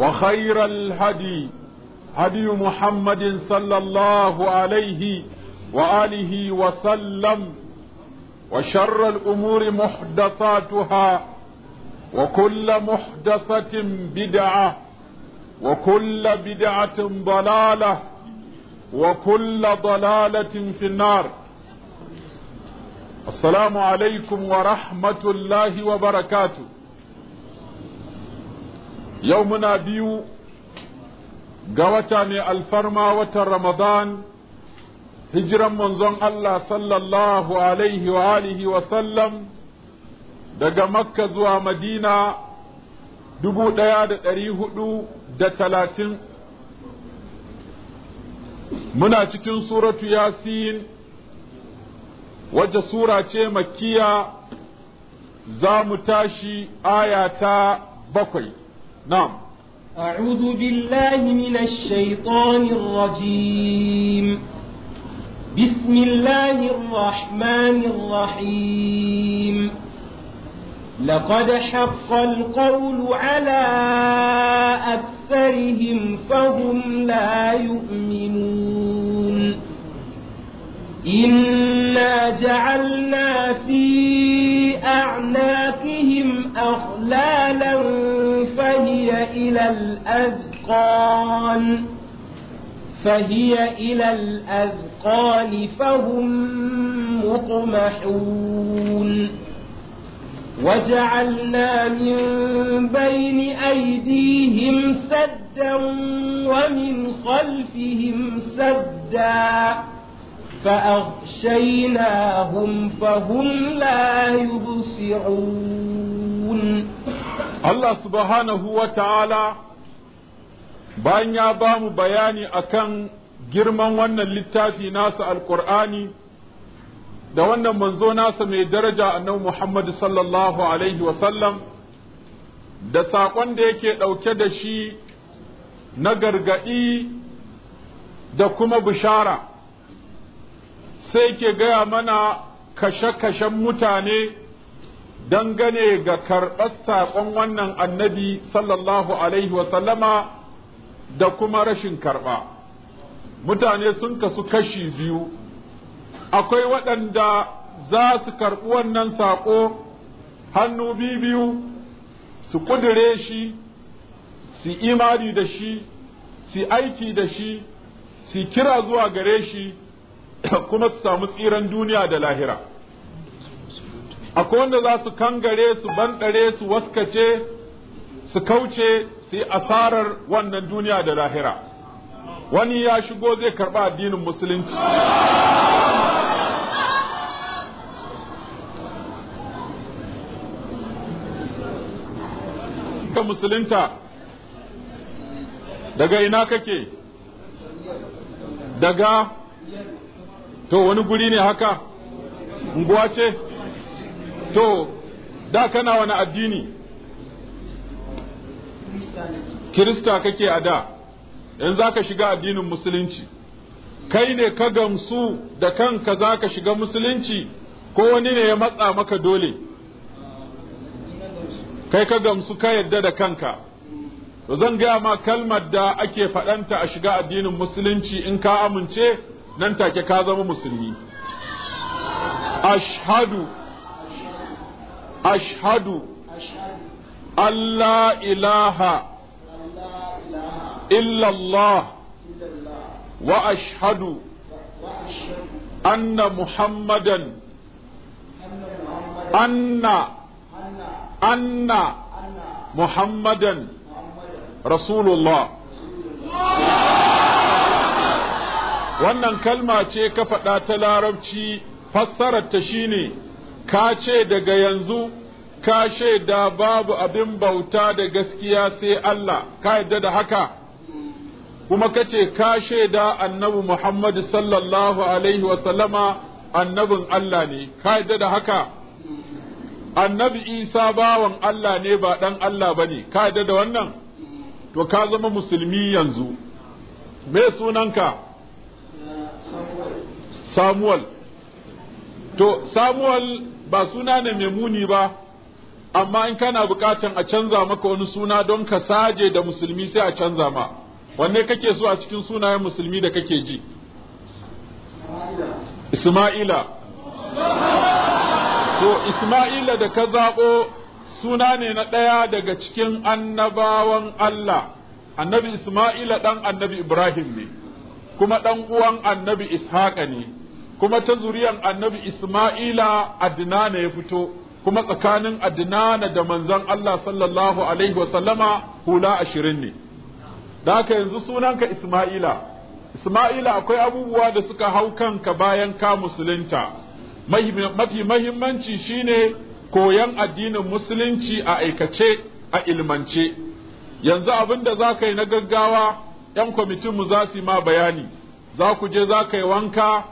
وخير الهدي هدي محمد صلى الله عليه وآله وسلم وشر الأمور محدثاتها وكل محدثة بدعة وكل بدعة ضلالة وكل ضلالة في النار السلام عليكم ورحمة الله وبركاته yau muna biyu ga wata ne alfarma watan Ramadan, hijiran manzon Allah sallallahu alaihi wa alihi wa sallam daga Makka zuwa Madina dubu ɗaya da ɗari hudu da talatin. Muna cikin suratu Yasin, wajen sura ce makkiya za mu tashi aya ta bakwai. نعم أعوذ بالله من الشيطان الرجيم بسم الله الرحمن الرحيم لقد حق القول على أكثرهم فهم لا يؤمنون إنا جعلنا في إلى الأذقان فهي إلى الأذقان فهم مطمحون وجعلنا من بين أيديهم سدا ومن خلفهم سدا فأغشيناهم فهم لا يبصرون Allah subhanahu wa ta'ala bayan ya ba mu bayani akan girman wannan littafi nasa Alƙur'ani da wannan manzo nasa mai daraja annabi Muhammad sallallahu alaihi wasallam da saƙon da yake ɗauke da shi na gargaɗi da kuma bishara sai ke gaya mana kashe-kashen mutane dangane ga karɓar saƙon wannan annabi sallallahu alaihi wasallama da kuma rashin karɓa mutane sun kasu kashi biyu akwai waɗanda za su karɓi wannan saƙo hannu biyu su ƙudure shi su imani da shi su aiki da shi su kira zuwa gare shi kuma su samu tsiran duniya da lahira akwai wanda za su kangare su banɗare su waskace su kauce su yi asarar wannan duniya da lahira wani ya shigo zai karɓa addinin musulunci ka musulunta daga ina kake daga to wani guri ne haka unguwa ce to da kana wani addini kirista kake a da in za ka shiga addinin musulunci kai ne ka gamsu da kanka za ka shiga musulunci ko wani ne ya matsa maka dole kai ka gamsu ka yadda da kanka to zan gaya ma kalmar da ake faɗanta a shiga addinin musulunci in ka amince nan take ka zama musulmi ashhadu أشهد أن لا إله إلا الله وأشهد أن محمدا أن أن محمدا رسول الله wannan kalma ce ka faɗa ta larabci fassararta shine ka ce daga yanzu ka da babu abin bauta da gaskiya sai Allah ka yadda da haka kuma ka ce ka da annabi Muhammadu sallallahu alaihi wasallama annabin Allah ne ka yadda da haka annabi Isa bawan Allah ne ba dan Allah ba ne ka yadda da wannan to ka zama musulmi yanzu me sunanka Samuel to Samuel ba suna ne mai muni ba amma in kana bukatan a canza maka wani suna don ka saje da musulmi sai a canza ma wanne kake so a cikin sunayen musulmi da kake ji isma'ila to isma'ila da ka zaɓo suna ne na ɗaya daga cikin annabawan allah annabi isma'ila ɗan annabi ibrahim ne kuma ɗan uwan annabi ishaƙa ne kuma ta zuriyar annabi Ismaila Adnana ya fito kuma tsakanin Adnana da manzon Allah sallallahu alaihi wa sallama hula ashirin ne da haka yanzu sunanka Ismaila Ismaila akwai abubuwa da suka hau kanka bayan ka musulunta mafi mahimmanci shine koyan addinin musulunci a aikace a ilmance yanzu abin da za ka yi na gaggawa 'yan kwamitinmu za su yi ma bayani za ku je za ka yi wanka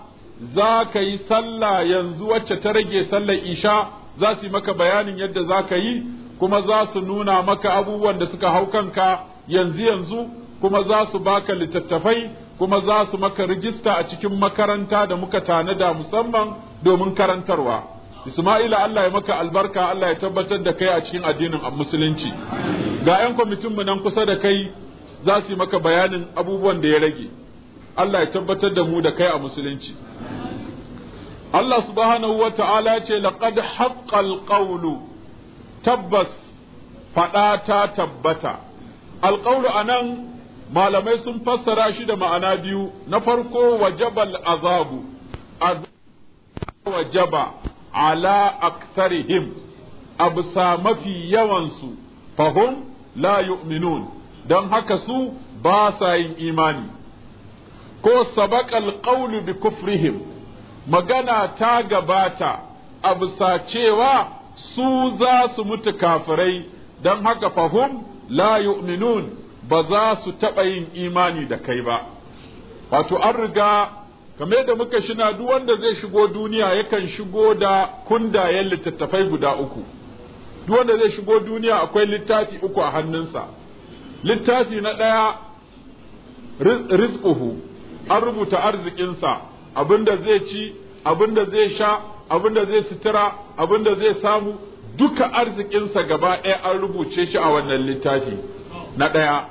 za ka yi sallah yanzu wacce ta rage sallar isha za su yi maka bayanin yadda za ka yi kuma za su nuna maka abubuwan da suka hau kanka yanzu yanzu kuma za su baka littattafai kuma za su maka rijista a cikin makaranta da muka tanada musamman domin karantarwa Isma'ila Allah ya maka albarka Allah ya tabbatar da kai a cikin addinin musulunci ga 'yan kwamitinmu nan kusa da kai za su yi maka bayanin abubuwan da ya rage Allah ya tabbatar da mu da kai a musulunci Allah subhanahu wa ta'ala ce laqad haqqal qawlu tabbas faɗa ta tabbata alƙawlu nan, malamai sun fassara shi da ma'ana biyu na farko wajabal azabu wajaba ala aktarihim abusa mafi yawansu fahum la yu'minun don haka su ba sa yin imani ko sabaqal qawlu bi kufrihim magana ta gabata a bisa cewa su za su mutu kafirai don haka fahum la yu'minun ba za su taɓa yin imani da kai ba wato an riga kame da muka shina duk wanda zai shigo duniya yakan shigo da kundayen littattafai guda uku duk wanda zai shigo duniya akwai littafi uku a hannunsa littafi na ɗaya rizquhu an rubuta arzikinsa abin da zai ci abin da zai sha abin da zai sutura abin da zai samu duka arzikinsa gaba ɗaya an rubuce shi a wannan littafi na ɗaya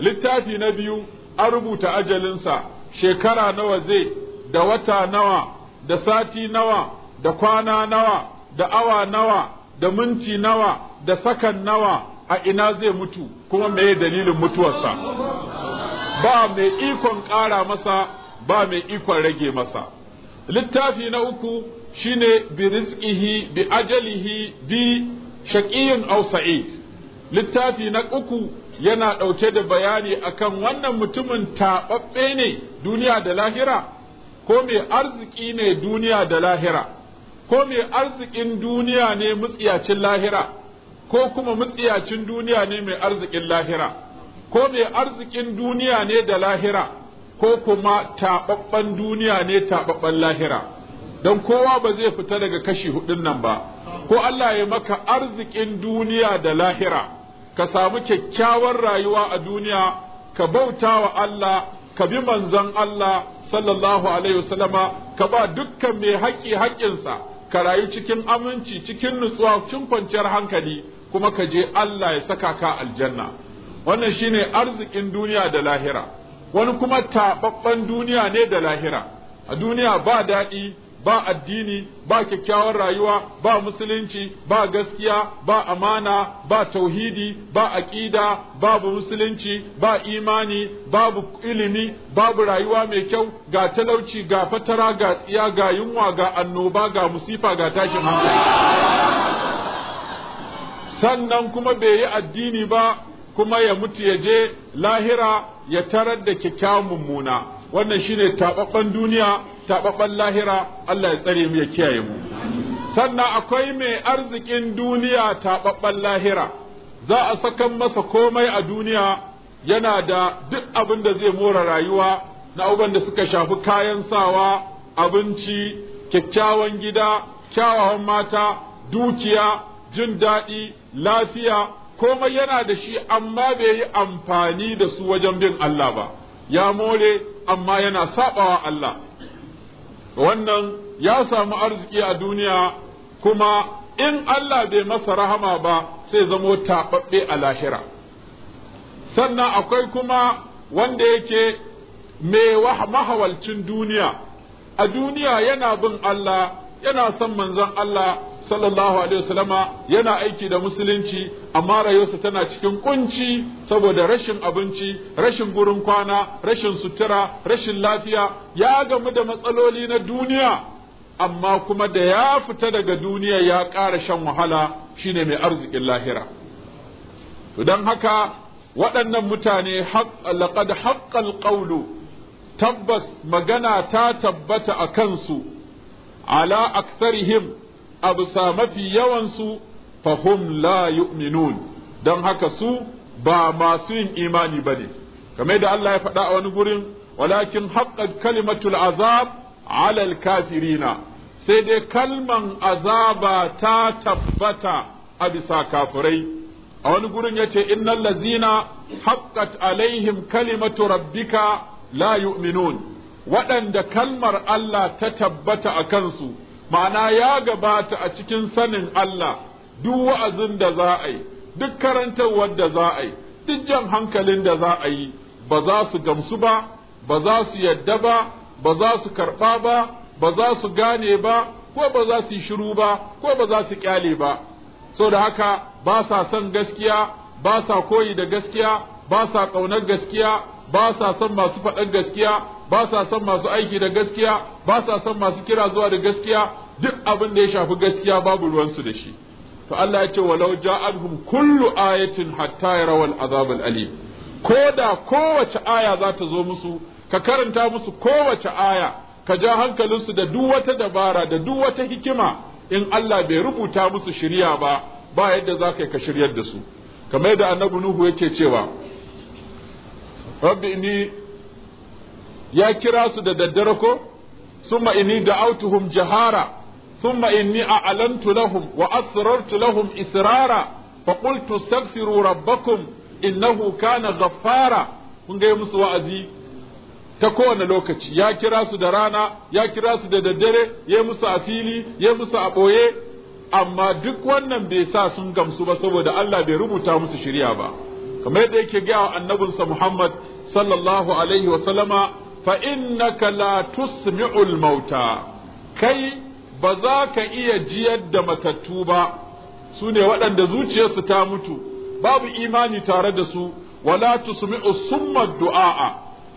littafi na biyu an rubuta ajalinsa shekara nawa zai da wata nawa da sati nawa da kwana nawa da awa nawa da minti nawa da sakan nawa a ina zai mutu kuma meye dalilin mutuwarsa ba mai ikon ƙara masa ba mai ikon rage masa littafi na uku shine bi rizqihi bi ajalihi bi shaqiyun aw sa'id littafi na uku yana ɗauke da bayani akan wannan mutumin taɓaɓɓe ne duniya da lahira ko mai arziki ne duniya da lahira ko mai arzikin duniya ne mutsiyacin lahira ko kuma mutsiyacin duniya ne mai arzikin lahira ko mai arzikin duniya ne da lahira ko kuma taɓaɓɓen duniya ne taɓaɓɓen lahira don kowa ba zai fita daga kashi hudun nan ba ko Allah ya maka arzikin duniya da lahira ka samu kyakkyawar rayuwa a duniya ka bauta wa Allah ka bi manzon Allah sallallahu alaihi wasallama ka ba dukkan mai haƙƙi haƙƙinsa ka rayu cikin aminci cikin nutsuwa cikin kwanciyar hankali kuma ka je Allah ya saka ka aljanna wannan shine arzikin duniya da lahira wani kuma taɓaɓɓen duniya ne da lahira a duniya ba daɗi ba addini ba kyakkyawar rayuwa ba musulunci ba gaskiya ba amana ba tauhidi ba aƙida babu musulunci ba imani babu ilimi babu rayuwa mai kyau ga talauci ga fatara ga tsiya ga yunwa ga annoba ga musifa ga tashin hankali sannan kuma bai yi addini ba kuma ya mutu ya je lahira ya tarar da kyakkyawan mummuna wannan shine tababban duniya tababban lahira Allah ya tsare mu ya kiyaye mu sannan akwai mai arzikin duniya tababban lahira za a sakan masa komai a duniya yana da duk abin da zai mora rayuwa na abubuwan da suka shafi kayan sawa abinci kyakkyawan gida kyawawan mata dukiya jin daɗi lafiya komai yana da shi amma bai yi amfani da su wajen bin Allah ba ya more amma yana sabawa Allah wannan ya samu arziki a duniya kuma in Allah bai masa rahama ba sai zamo taɓaɓɓe a lahira sannan akwai kuma wanda yake mai mahawalcin duniya a duniya yana bin Allah yana son manzon Allah sallallahu alaihi wasallama yana aiki da musulunci amma rayuwarsa tana cikin kunci saboda rashin abinci rashin gurin kwana rashin sutura rashin lafiya ya gamu da matsaloli na duniya amma kuma da ya fita daga duniya ya ƙara shan wahala shine mai arzikin lahira don haka waɗannan mutane laqad haqqal qawlu tabbas magana ta tabbata a kansu ala him. a bisa mafi yawansu fahum la yu'minun don haka su ba masu yin imani ba ne kamar da Allah ya faɗa a wani gurin walakin haqqat kalimatul azab alal kafirina sai dai kalman azaba ta tabbata a bisa kafirai a wani gurin ya ce innal lazina haqqat alaihim kalimatu rabbika la yu'minun waɗanda kalmar Allah ta tabbata a kansu ma'ana ya gabata a cikin sanin Allah duk wa'azin da za a yi duk karantarwar da za a yi duk jan hankalin da za a yi ba za su gamsu ba ba za su yadda ba ba za su karɓa ba ba za su gane ba ko ba za su yi shiru ba ko ba za su kyale ba so da haka ba sa son gaskiya ba sa koyi da gaskiya ba sa ƙaunar gaskiya ba sa son masu faɗan gaskiya ba sa son masu aiki da gaskiya ba sa son masu kira zuwa da gaskiya duk abin da ya shafi gaskiya babu ruwansu da shi to Allah ya ce walau ja'alhum kullu ayatin hatta yarawal azab alim ko da kowace aya za ta zo musu ka karanta musu kowace aya ka ja hankalinsu da duk wata dabara da duk wata hikima in Allah bai rubuta musu shirya ba ba yadda za ka ka shiryar da su kamar da annabi nuhu yake cewa rabbi inni ya kira su da daddare ko summa inni da'awtuhum jahara summa inni a'lantu lahum wa asrartu lahum israra fa qultu astaghfiru rabbakum innahu kana ghaffara kun ga musu wa'azi ta kowane lokaci ya kira su da rana ya kira su da daddare ya musu a fili ya musu a ɓoye amma duk wannan bai sa sun gamsu ba saboda Allah bai rubuta musu shirya ba kamar yadda yake gaya wa annabinsa Muhammad sallallahu alaihi wa sallama fa innaka la tusmi'ul mauta kai ba za ka iya jiyar da matattu ba su ne waɗanda zuciyarsu ta mutu babu imani tare da su wala tusmi'u summa du'a'a,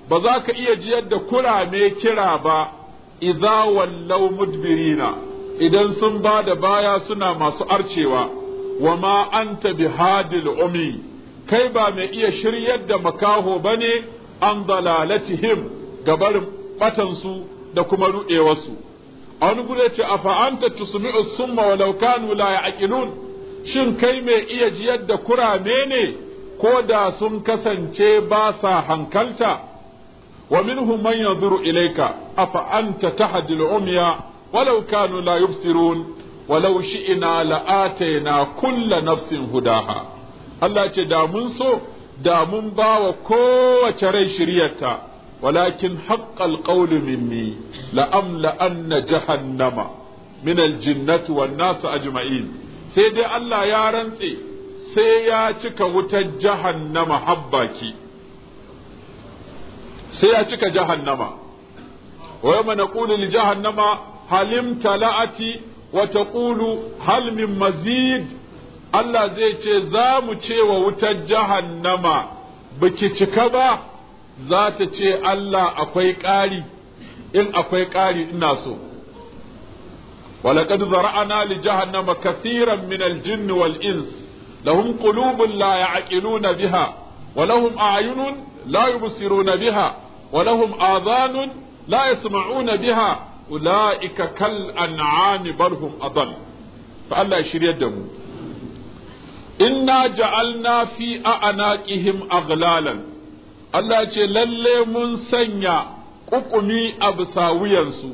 ba za ka iya jiyar da kurame kira ba idza wallaw mudbirina idan sun ba da baya suna masu arcewa wa ma anta bihadil umi kai ba mai iya shiryar da makaho ba ne an dalalatihim ga barin batansu da kuma ruɗewarsu a wani gudu ce a fa'anta tusmi'u summa walau kanu la ya'qilun shin kai mai iya jiyar da kurame ne ko da sun kasance ba sa hankalta wa minhum man yanzuru ilayka afa anta fa'anta al-umya walau kanu la yubsirun walau shi'na la'atayna kulla nafsin hudaha Allah ce da mun so da mun ba wa kowace rai shiryarta walakin haqqal qawlu minni la'amla na jahannama min aljinnati wan nas ajma'in sai dai Allah ya rantse sai ya cika wutar jahannama habbaki sai ya cika jahannama wa yawma naqulu li jahannama halim tala'ati wa taqulu hal min mazid Allah zai ce za mu ce wa wutar jahannama biki cika ba za ta ce Allah akwai ƙari in akwai ƙari ina so ولقد ذرأنا لجهنم كثيرا من الجن والإنس لهم قلوب لا يعقلون بها ولهم أعين لا يبصرون بها ولهم آذان لا يسمعون بها أولئك كالأنعام بل هم أضل فالله يشري الدمو inna ja'alna fi a'naqihim aghlalan Allah ce lalle mun sanya kukumi a bisa wuyansu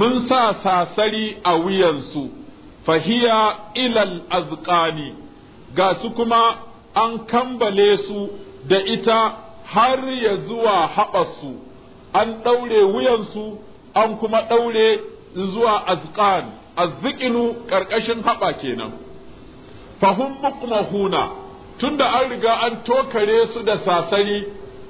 mun sa sasari a wuyansu fahiya ilal azqani ga su kuma an kambale su da ita har ya zuwa haɓarsu an ɗaure wuyansu an kuma ɗaure zuwa azqan azzikinu ƙarƙashin haɓa kenan fahum muqmahuna tunda an riga an tokare su da sasari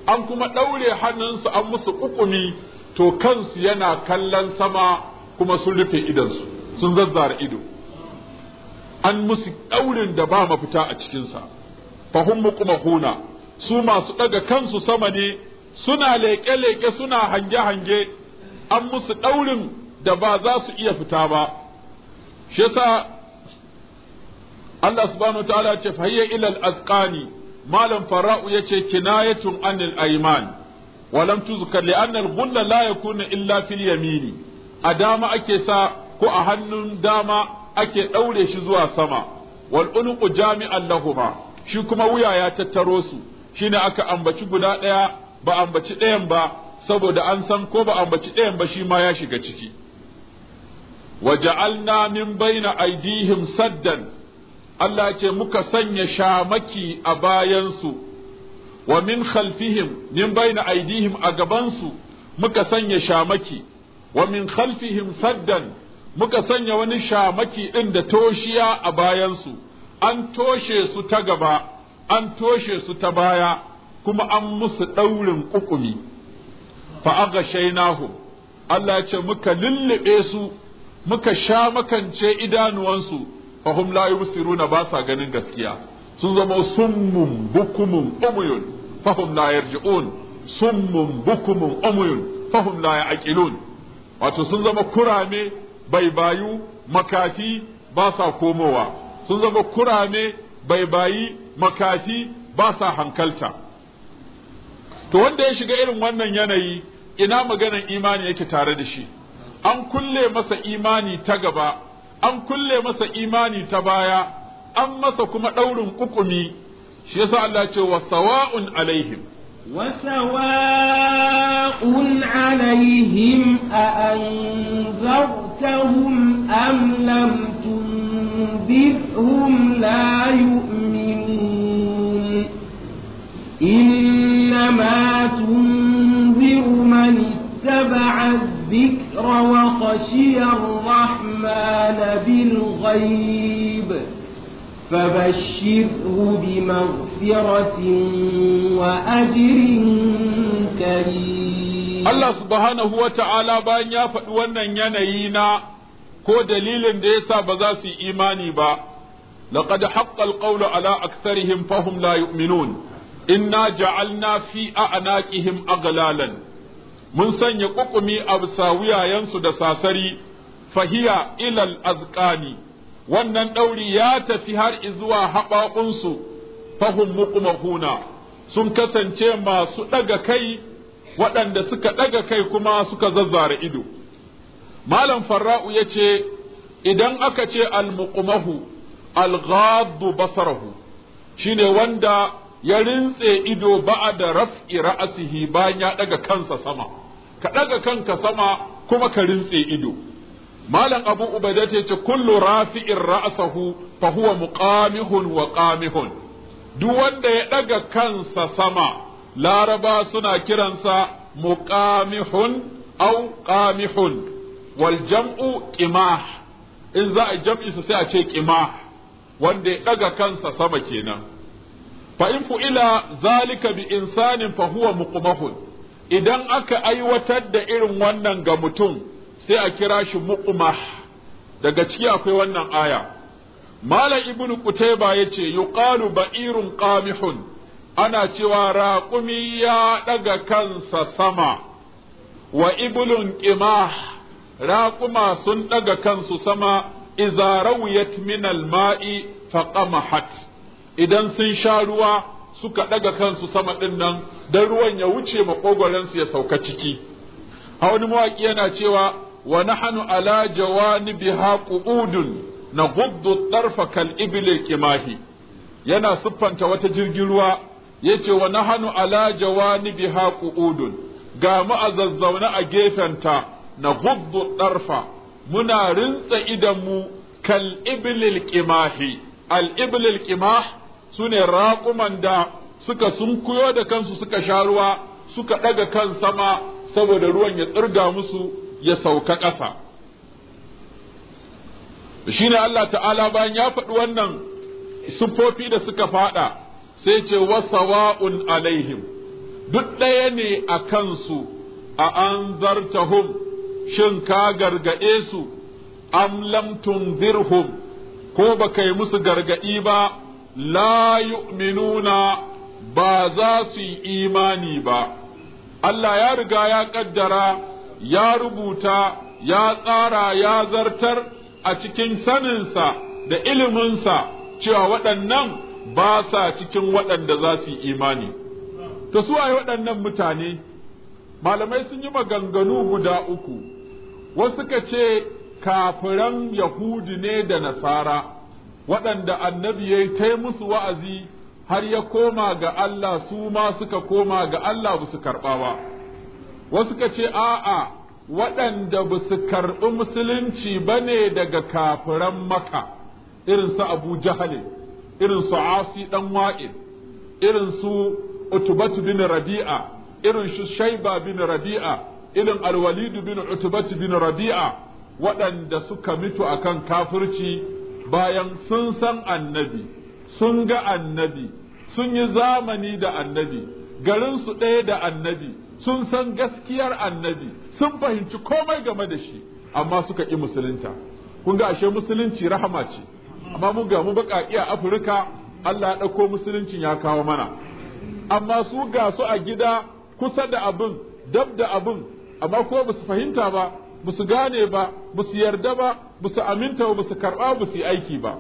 an kuma ɗaure hannunsu an musu ƙuƙumi to kansu yana kallon sama kuma sun rufe idansu sun zazzara ido an musu ɗaurin da ba mafita a cikinsa fahum muqmahuna su masu ɗaga kansu sama ne suna leƙe-leƙe suna hange-hange an musu ɗaurin da ba za su iya fita ba shi yasa Allah subhanahu ta'ala ce fahiyya ilal azqani malam fara'u yace kinayatun anil ayman wa lam tuzkar li anna al-ghulla la yakuna illa fil yamini a dama ake sa ko a hannun dama ake daure shi zuwa sama wal unqu jami'an lahuma shi kuma wuya ya tattaro su shine aka ambaci guda daya ba ambaci ɗayan ba saboda an san ko ba ambaci ɗayan ba shi ma ya shiga ciki Waje ja'alna min baina aydihim saddan Allah ce muka sanya shamaki a bayansu wa min khalfihim min baina aidihim a gabansu muka sanya shamaki wa min khalfihim saddan muka sanya wani shamaki ɗin da toshiya a bayansu an toshe su ta gaba an toshe su ta baya kuma an musu ɗaurin ƙuƙumi Shainahu. Allah ce muka lullube su muka sha makance idanuwansu fahum la yusiruna ba sa ganin gaskiya sun zama summun bukumun umuyun fahum la yarji'un summun bukumun umuyun fahum la yaqilun wato sun zama kurame bai bayu makati ba sa komowa sun zama kurame bai bayi makati ba sa hankalta to wanda ya shiga irin wannan yanayi ina maganan imani yake tare da shi an kulle masa imani ta gaba an kulle masa imani ta baya an masa kuma ɗaurin kukumi shi yasa Allah ce wa sawa'un alaihim wa sawa'un alaihim a anzartahum am lam tunzirhum la yu'minun إنما تنذر من اتبع الذكر وخشي الرحمن الإيمان بالغيب فبشره بمغفرة وأجر كريم الله bayan ya faɗi wannan yanayi na ko dalilin da yasa ba za su yi imani ba laqad haqqa alqawlu ala aktharihim fahum la yu'minun inna na fi a'naqihim agalalan, mun sanya ƙuƙumi a bisa wuyayensu da sasari fahiya ilal azqani wannan ɗauri ya tafi har zuwa su fahun muƙumahuna sun kasance masu ɗaga kai waɗanda suka ɗaga kai kuma suka zazzara ido malam farra'u ya ce idan aka ce almuƙumahu alghaddu basarahu shine wanda ya rintse ido ba'a da raf'i ra'asihi bayan ya ɗaga kansa sama ka ɗaga kanka sama kuma ka rintse ido malam abu ubaida ce ce kullu rafi'in ra'sahu fa huwa muqamihun wa qamihun duk wanda ya daga kansa sama laraba suna kiransa muqamihun aw qamihun wal jam'u qimah in za a jam'i sai a ce qimah wanda ya daga kansa sama kenan fa in fu'ila zalika bi insanin fa huwa muqmahun idan aka aiwatar da irin wannan ga mutum sai a kira shi muƙumah. daga ciki akwai wannan aya malam ibn qutayba yace yuqalu ba'irun qamihun ana cewa raqumi ya daga kansa sama wa ibulun qimah raquma sun daga kansu sama idza rawiyat min al-ma'i faqamahat idan sun sha ruwa suka daga kansu sama din nan dan ruwan ya wuce makogoransu ya sauka ciki a wani mawaki yana cewa wa nahnu ala jawanibiha qu'udun na at-tarfa kal ibli kimahi. yana siffanta wata jirgin ruwa yace wa nahnu ala jawanibiha qu'udun ga mu a zazzauna a gefenta na at-tarfa muna rintsa idan mu kal ibli kimahi. al ibli qimah sune raquman da suka kuyo da kansu suka sha ruwa suka ɗaga kan sama saboda ruwan ya tsirga musu ya sauka ƙasa shine Allah ta'ala bayan ya faɗi wannan siffofi da suka faɗa sai ce wa’un alaihim duk ɗaya ne a kansu a an zartahun, shin ka gargaɗe su amlamtun zirhum ko ba yi musu gargaɗi ba la yu'minuna ba za su yi imani ba Allah ya riga ya ƙaddara ya rubuta ya tsara ya zartar a cikin saninsa da iliminsa cewa waɗannan ba sa cikin waɗanda za su yi imani Ta su waye waɗannan mutane malamai sun yi maganganu guda uku wasu ka ce kafiran yahudi ne da nasara waɗanda annabi ya yi musu wa'azi har ya koma ga Allah su ma suka koma ga Allah ba su karɓa ba. wasu ka ce a'a waɗanda ba su karɓi musulunci ba ne daga kafiran maka irinsu su abu jahale irin asi ɗan wa'in irinsu su utubatu bin rabi'a irin su shaiba bin rabi'a irin alwalidu bin utubatu bin rabi'a waɗanda suka mutu kan kafirci bayan sun san annabi sun ga annabi sun yi zamani da annabi garinsu ɗaya da annabi sun san gaskiyar annabi sun fahimci komai game da shi amma suka ƙi musulunta kun ga ashe musulunci rahama ce amma mun ga mu baka a afirka allah ya ɗauko musuluncin ya kawo mana amma su ga su a gida kusa da abin dab da abin amma ko ba su fahimta ba ba su gane ba ba su yarda ba ba su aminta ba su karɓa ba su aiki ba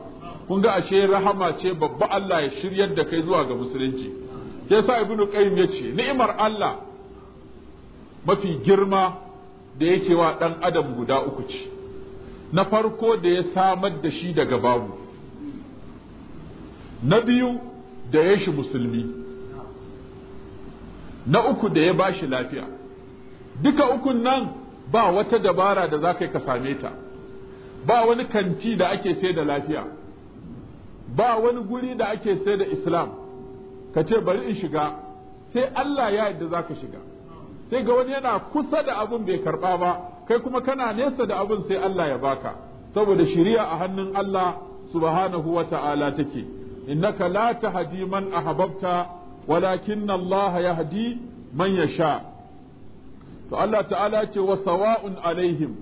kun ga ashe rahama ce babba Allah ya shiryar da kai zuwa ga musulunci yasa ibnu qayyim yace ni'imar Allah mafi girma da yake wa ɗan adam guda uku ce na farko da ya samar da shi daga babu na biyu da ya shi musulmi na uku da ya ba shi lafiya duka ukun nan ba wata dabara da za ka yi ka same ta ba wani kanti da ake sai da lafiya ba wani guri da ake sai da islam ka ce bari in shiga sai allah ya yadda za ka shiga sai ga wani yana kusa da abin bai karba ba kai kuma kana nesa da abin sai Allah ya baka saboda shiriya a hannun Allah subhanahu wa ta'ala take innaka la tahdi man ahbabta walakinna Allah yahdi man yasha to Allah ta'ala ce wa sawa'un alaihim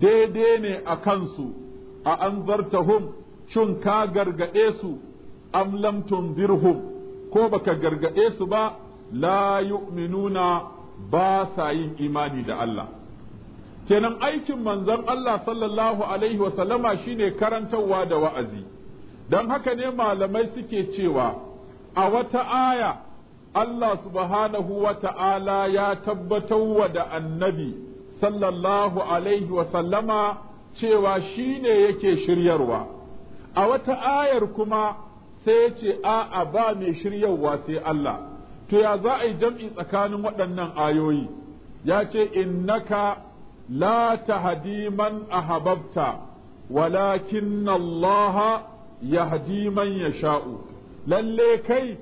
daidai ne a kansu a anzartahum shin ka gargade su am lam tundirhum ko baka gargade su ba la yu'minuna ba sa yin imani da Allah kenan aikin manzon Allah sallallahu alaihi wa sallama shine karantarwa da wa'azi don haka ne malamai suke cewa a wata aya Allah subhanahu wa ta'ala ya tabbatar wa da annabi sallallahu alaihi wa sallama cewa shi ne yake shiryarwa, a wata ayar kuma sai ce a'a ba mai shiryarwa sai Allah, to ya za a yi jam'i tsakanin waɗannan ayoyi ya ce innaka la hadiman man hababta walakin Allah yahdi man yasha'u lalle kai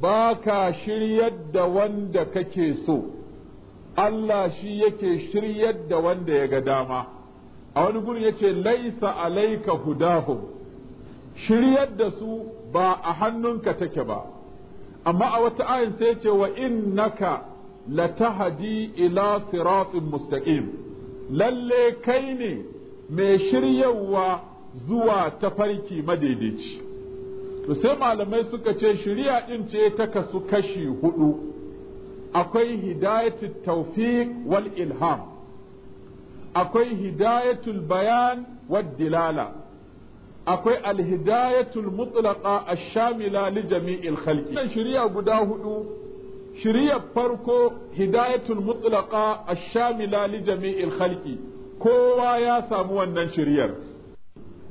ba ka shiryar da wanda kake so Allah shi yake shiryar da wanda ya ga dama a wani gurin yace ce laisa alaika hudahum shiryar da su ba a hannunka take ba amma a wata ayin sai ce wa innaka latahdi ila siratin mustaqim lalle kai ne mai shiryawa zuwa tafarki madaidaici to sai malamai suka ce shirya din ce ta kasu kashi hudu akwai hidayatul tawfiq wal ilham akwai hidayatul bayan wad dilala akwai alhidayatul mutlaqa ash-shamila li jami'il khalqi wannan shari'a guda hudu shari'a farko hidayatul mutlaqa ash-shamila li jami'il khalqi kowa ya samu wannan shari'ar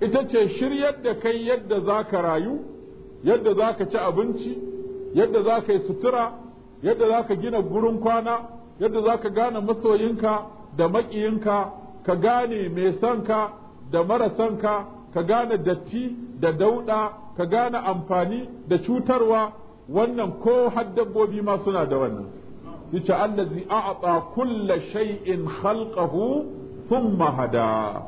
ita ce shiryar da kai yadda zaka rayu yadda zaka ci abinci yadda zaka yi sutura yadda zaka gina gurin kwana yadda zaka gane masoyinka da makiyinka ka gane mai sanka da mara sanka. ka gane datti da dauɗa ka gane amfani da cutarwa wannan ko har dabbobi ma suna da wannan yace allazi a'ata kulla shay'in khalqahu thumma hada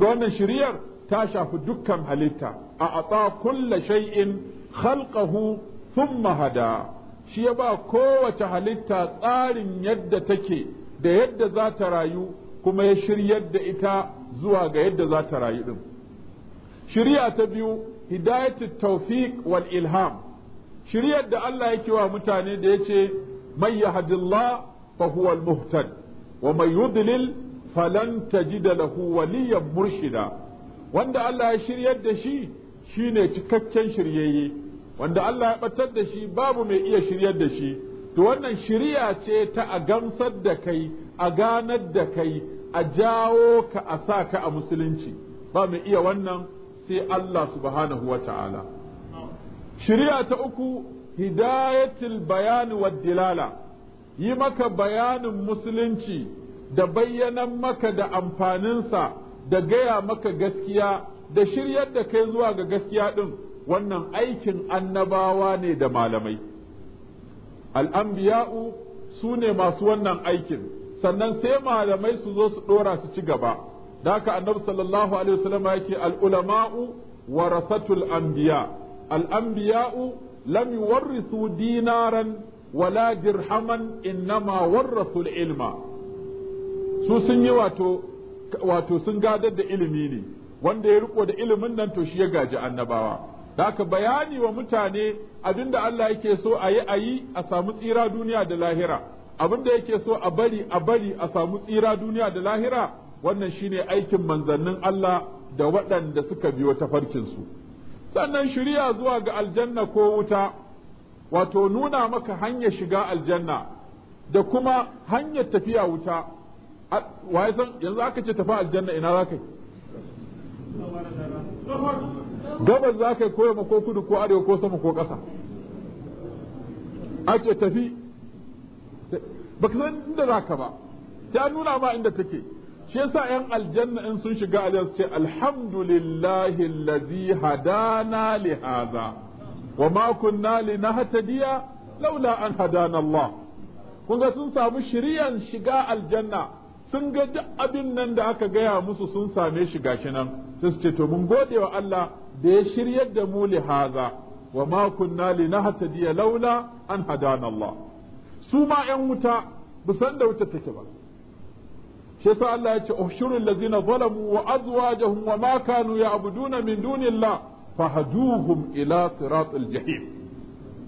wannan shiriyar ta shafi dukkan halitta a'ata kulla shay'in khalqahu thumma hada shi ya ba kowace halitta tsarin yadda take da yadda za ta rayu kuma ya shiryar da ita zuwa ga yadda za ta rayu din Shirya ta biyu hidayatu tawfiq wal ilham shari'ar da Allah yake wa mutane da yace ce. yahdillah fa huwa al muhtad wa man yudlil falan tajida lahu waliyan murshida wanda Allah ya shiryar da shi shine cikakken shiryayye wanda Allah ya batar da shi babu mai iya shiryar da shi to wannan shiriya ce ta a gamsar da kai a ganar da kai a jawo ka a sa ka a musulunci ba mai iya wannan sai Allah subhanahu wa ta'ala shari'a ta uku hidayatul bayani wa dilala yi maka bayanin musulunci da bayyanan maka da amfaninsa da gaya maka gaskiya da shiryar da kai zuwa ga gaskiya ɗin wannan aikin annabawa ne da malamai al'ambiya'u su ne masu wannan aikin sannan sai malamai su zo su ɗora su ci gaba da haka annabi sallallahu alaihi wasallam yake al-ulama'u warasatul anbiya al-anbiya'u lam yuwarrisu dinaran wala dirhaman innama warrasul ilma su sun yi wato wato sun gadar da ilimi ne wanda ya riko da ilimin nan to shi ya gaji annabawa da haka bayani wa mutane abinda Allah yake so a yi a yi a samu tsira duniya da lahira abinda yake so a bari a bari a samu tsira duniya da lahira wannan shine aikin manzannin Allah da waɗanda suka biyo tafarkinsu sannan shirya zuwa ga aljanna ko wuta wato nuna maka hanyar shiga aljanna da kuma hanyar tafiya wuta waye san yanzu aka ce tafi aljanna ina za ka yi gabas za ka yi ko yamma ko kudu ko arewa ko sama ko ƙasa ake tafi baka san inda za ka ba ta nuna ma inda take shi yasa yan aljanna in sun shiga aljanna ce alhamdulillahi allazi hadana li hadha wa ma kunna linahtadiya laula an hadana Allah kun ga sun samu shiriyan shiga aljanna sun ga duk abin nan da aka gaya musu sun same shi gashi nan sai su ce to mun gode wa Allah da ya shiryar da mu li hadha wa ma kunna linahtadiya laula an hadana Allah su ma yan wuta bisan da wuta take ba shi yasa Allah ya ce ushurul ladzina zalamu wa azwajuhum wa ma kanu ya'buduna min dunillah fahaduhum ila siratil jahim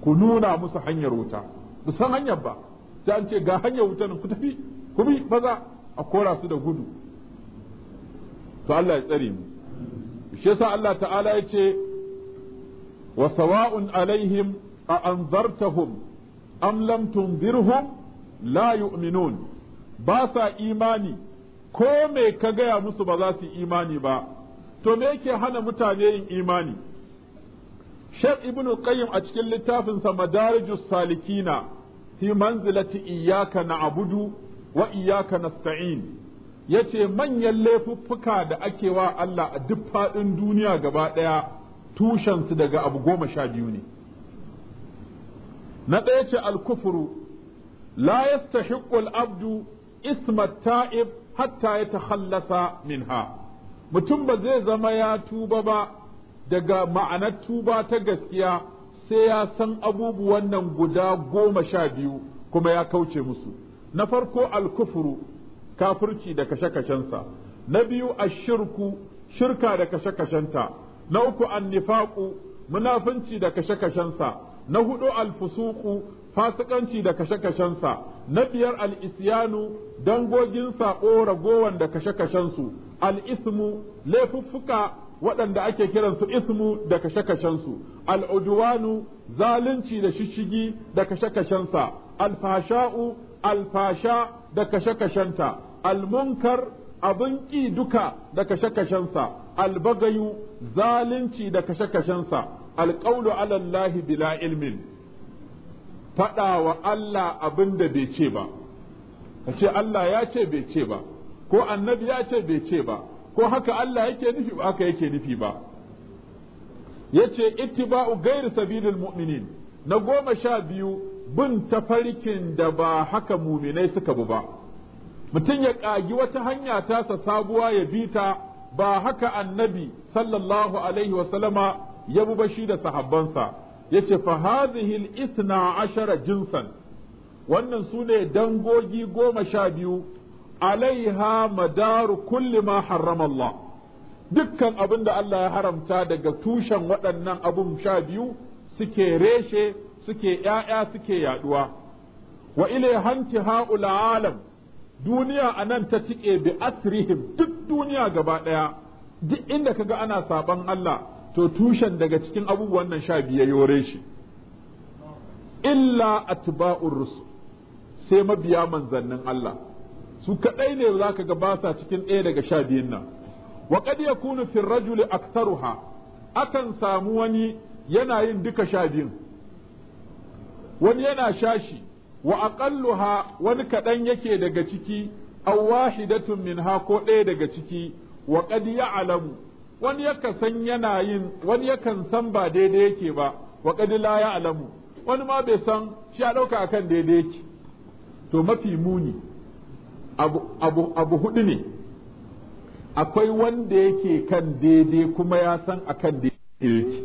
ku nuna musu hanyar wuta ba san hanyar ba sai an ce ga hanyar wuta ku tafi ku bi maza a kora su da gudu to Allah ya tsare mu shi yasa Allah ta'ala ya ce wa sawa'un alaihim a anzartahum am lam tunzirhum la yu'minun ba sa imani ko mai ka gaya musu ba za su imani ba to me yake hana mutane yin imani Sheikh Ibn Qayyim a cikin littafinsa Madarijus Salikina fi manzilati iyyaka na'budu wa iyyaka nasta'in yace manyan laifuffuka da ake wa Allah a duk faɗin duniya gaba ɗaya tushensu daga abu goma sha biyu ne na ɗaya ce alkufuru la yastahiqqu al-abdu isma ta'ib hatta ya takhallasa minha mutum ba zai zama ya tuba ba daga ma'anar tuba ta gaskiya sai ya san abubuwan nan guda goma sha biyu kuma ya kauce musu na farko al alkufuru kafirci da kashe-kashensa na biyu shirku shirka da kashe-kashenta na uku nifaƙu munafunci da kashe-kashensa na hudu alfusuku fasikanci da kashe-kashensa na biyar al'isyanu dangogin saƙo ragowan da kashe-kashensu al'ismu laifuffuka waɗanda ake kiransu ismu da kashe-kashensu al'uduwanu zalunci da shishigi da kashe-kashensa alfasha'u alfasha da kashe-kashenta almunkar abin ƙi duka da kashe-kashensa albagayu zalunci da kashe-kashensa alƙaulu alallahi bila ilmin faɗa wa Allah abin da bai ce ba ka ce Allah ya ce bai ce ba ko annabi ya ce bai ce ba ko haka Allah yake nufi ba haka yake nufi ba Ya yace ittiba'u gairu sabilil mu'minin na goma sha biyu bin tafarkin da ba haka muminai suka bi ba mutum ya ƙagi wata hanya ta sa sabuwa ya bi ta ba haka annabi sallallahu alaihi wasallama ya bi ba shi da sahabbansa yace fa hadhihi al-ithna ashara jinsan wannan sune dangogi goma sha biyu alaiha madaru kulli ma harrama Allah dukkan abin da Allah ya haramta daga tushen waɗannan abun sha biyu suke reshe suke ‘ya'ya suke yaduwa wa ile hanti ha'ul alam duniya anan ta cike bi asrihim duk duniya gaba ɗaya duk inda kaga ana saban Allah to tushen daga cikin abubuwan nan sha biya yore shi illa atba'ur rusul sai mabiya manzannin Allah su kadai ne za ka ga ba sa cikin ɗaya daga sha biyun nan wa qad yakunu fi rajuli aktharuha akan samu wani yana yin duka sha biyun wani yana shashi wa aqalluha wani kaɗan yake daga ciki aw wahidatun minha ko ɗaya daga ciki wa qad ya'lamu wani ya san yana yin wani yakan san ba daidai yake ba wa qad la alamu wani ma bai san shi ya dauka akan daidai yake to mafi muni abu abu abu hudu ne akwai wanda yake kan daidai kuma ya san akan daidai yake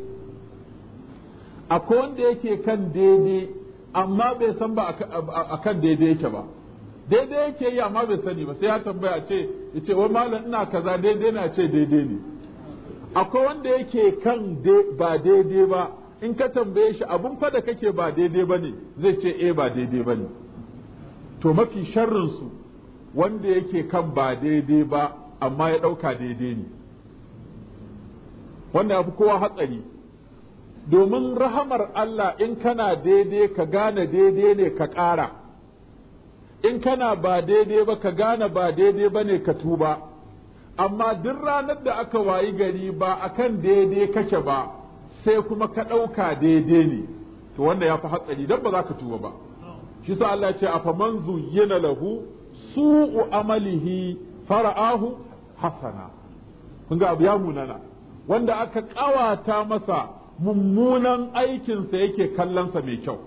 akwai wanda yake kan daidai amma bai san ba akan daidai yake ba daidai yake yi amma bai sani ba sai ya tambaya ce ya ce wai malam ina kaza daidai na ce daidai ne akwai wanda yake kan ba daidai ba in ka tambaye shi abun fa kake ba daidai ba ne zai ce eh ba daidai ba ne to mafi sharrinsu wanda yake kan ba daidai ba amma ya ɗauka daidai ne wanda ya fi kowa hatsari domin rahamar Allah in kana daidai ka gane daidai ne ka ƙara in kana ba daidai ba ka gane ba daidai ba ne ka tuba amma duk ranar da aka wayi gari ba akan daidai kake ba sai kuma ka ɗauka daidai ne to wanda ya fi hatsari dan ba za ka tuba ba shi sa Allah ce a faman zuyyina lahu u amalihi fara'ahu hasana kun ga abu ya munana wanda aka ƙawata masa mummunan aikinsa yake kallonsa mai kyau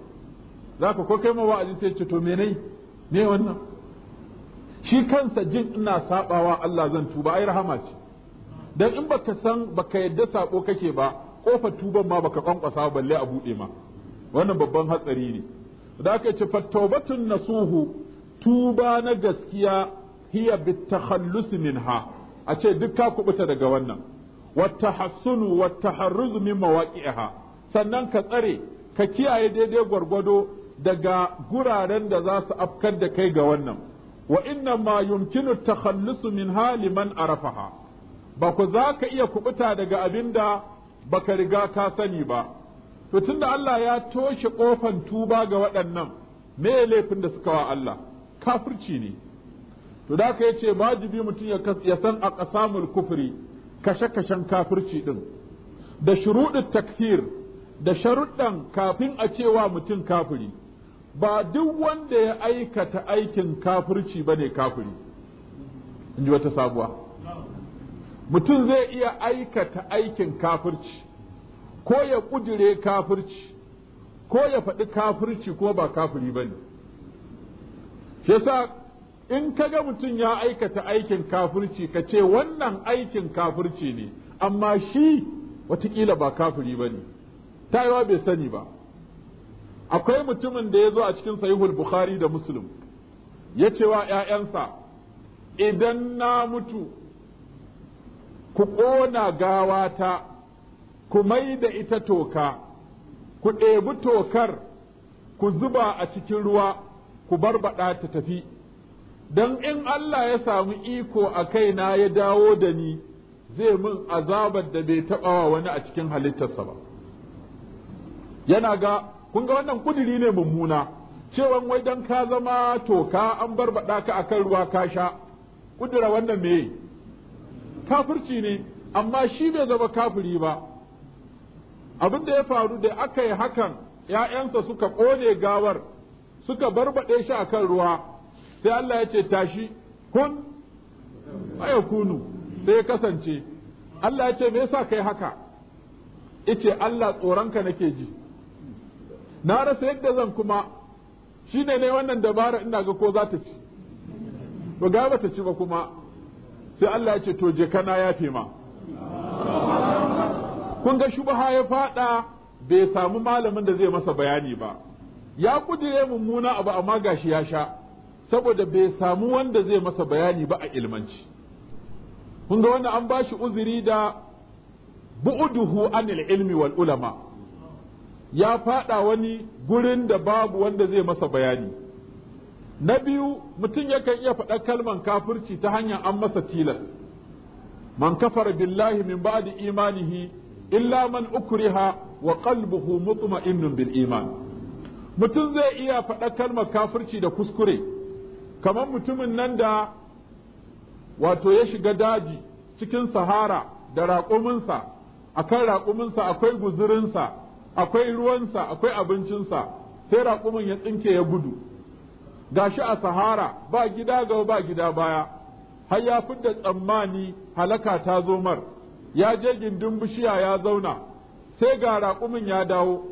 za ka ko kai ma wa'azi sai ce to menai ne wannan shi kansa jin ina sabawa Allah zan tuba ai rahama ce dan in baka san baka yadda sako kake ba kofar tuban ma baka kwankwasa balle a bude ma wannan babban hatsari ne da aka ce fattaubatun nasuhu tuba na gaskiya hiya bitakhallus minha a ce duk ka kubuta daga wannan wattahassunu wattaharruz min mawaqi'iha sannan ka tsare ka kiyaye daidai gwargwado daga guraren da za su afkar da kai ga wannan wa inna ma yumkinu takhallusu minha liman arafaha ba ku za ka iya kubuta daga abinda baka riga ka sani ba to tunda Allah ya toshe kofan tuba ga waɗannan me laifin da suka wa Allah kafirci ne to da ka yace majibi mutum ya san a kasamul kufri kashe-kashen kafirci din da shuruɗu takfir da sharuɗan kafin a cewa mutum kafiri ba duk wanda ya aikata aikin kafirci bane kafiri in ji wata sabuwa mutum zai iya aikata aikin kafirci ko ya kudire kafirci ko ya faɗi kafirci ko ba kafiri bane shi yasa in kaga mutum ya aikata aikin kafirci ka ce wannan aikin kafirci ne amma shi watakila ba kafiri bane tayawa bai sani ba akwai mutumin da ya zo a cikin sahihul bukhari da muslim ya ce wa ‘ya'yansa idan na mutu ku ƙona gawata ku mai da ita toka ku ɗebi tokar ku zuba a cikin ruwa ku barbaɗa ta tafi don in Allah ya samu iko a kaina ya dawo da ni zai mun azabar da bai taɓa wa wani a cikin halittarsa ba yana ga kun ga wannan kuduri ne mummuna cewan wai dan ka zama toka an barbada ka akan ruwa ka sha kudura wannan me kafirci ne amma shi bai zama kafiri ba abin da ya faru da aka yi hakan ‘ya'yansa suka ƙone gawar suka barbaɗe shi akan ruwa sai Allah ya ce tashi kun aya kunu sai ya kasance Allah ya ce me yasa kai haka ice Allah tsoronka nake ji na rasa yadda zan kuma shi ne ne wannan dabara ina ga ko za ta ci ba ga bata ci ba kuma sai Allah ya ce to je kana ya ma kun ga shubha ya fada bai samu malamin da zai masa bayani ba ya kudire mummuna abu amma gashi ya sha saboda bai samu wanda zai masa bayani ba a ilmanci kun ga wannan an bashi uzuri da bu'uduhu anil ilmi wal ulama ya fada wani gurin da babu wanda zai masa bayani na biyu mutum yakan iya faɗa kalman kafirci ta hanyar an masa tilas man kafara billahi min ba'di imanihi illa man ukriha wa qalbuhu mutma'innun bil iman mutum zai iya faɗa kalmar kafirci da kuskure kamar mutumin nan da wato ya shiga daji cikin sahara da raƙuminsa akan raƙuminsa akwai guzurinsa akwai ruwansa akwai abincinsa sai raƙumin ya tsinke ya gudu gashi a sahara ba gida ga ba gida baya har ya fidda tsammani halaka ta zo mar ya je gindin bishiya ya zauna sai ga raƙumin ya dawo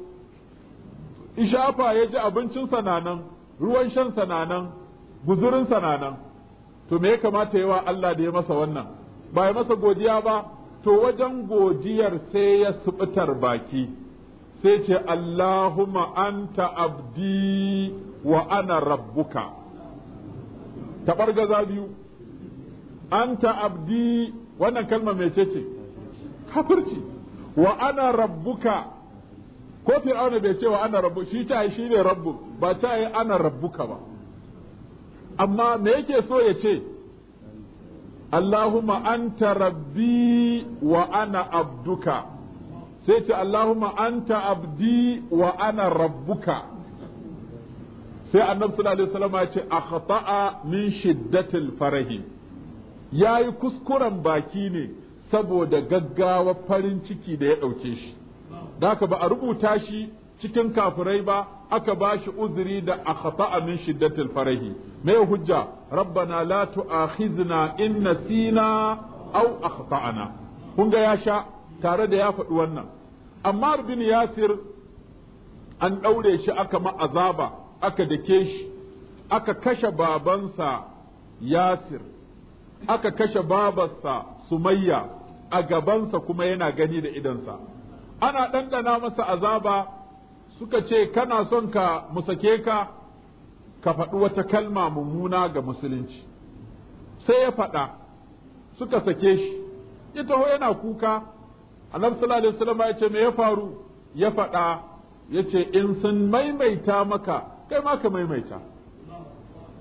ishafa ya ji abincinsa na nan ruwan shansa na nan guzurinsa na nan to me ya kamata yawa Allah da ya masa wannan ba ya masa godiya ba to wajen godiyar sai ya subutar baki sai ce Allahumma anta abdi wa ana rabbuka gaza biyu anta abdi wannan kalma ce. kafirci wa ana rabbuka ko fir'auna bai ce wa ana rabbu shi ta shi ne rabbu ba ta yi ana rabbuka ba amma me yake so ya ce Allahumma anta rabbi wa ana abduka sai ce Allahumma anta abdi wa ana rabbuka sai annabi sallallahu alaihi wasallam ya ce akhta'a min shiddatil farahi yayi kuskuren baki ne saboda gaggawa farin ciki da ya dauke shi daka ba a rubuta shi cikin kafirai ba aka ba shi uzuri da akhta'a min shiddatil farahi me hujja rabbana la tu'akhizna in nasina aw akhta'na kun ga ya sha tare da ya faɗi wannan Amma bin yasir an ɗaure shi aka ma'azaba aka dake shi aka kashe babansa yasir aka kashe babarsa sumayya a gabansa kuma yana gani da idansa ana ɗanɗana masa azaba suka ce kana son ka musake ka ka faɗi wata kalma mummuna ga musulunci sai ya faɗa suka sake shi Ita ho yana kuka annabi sallallahu alaihi wasallam ya ce me ya faru ya faɗa ya ce in sun maimaita maka kai ma ka maimaita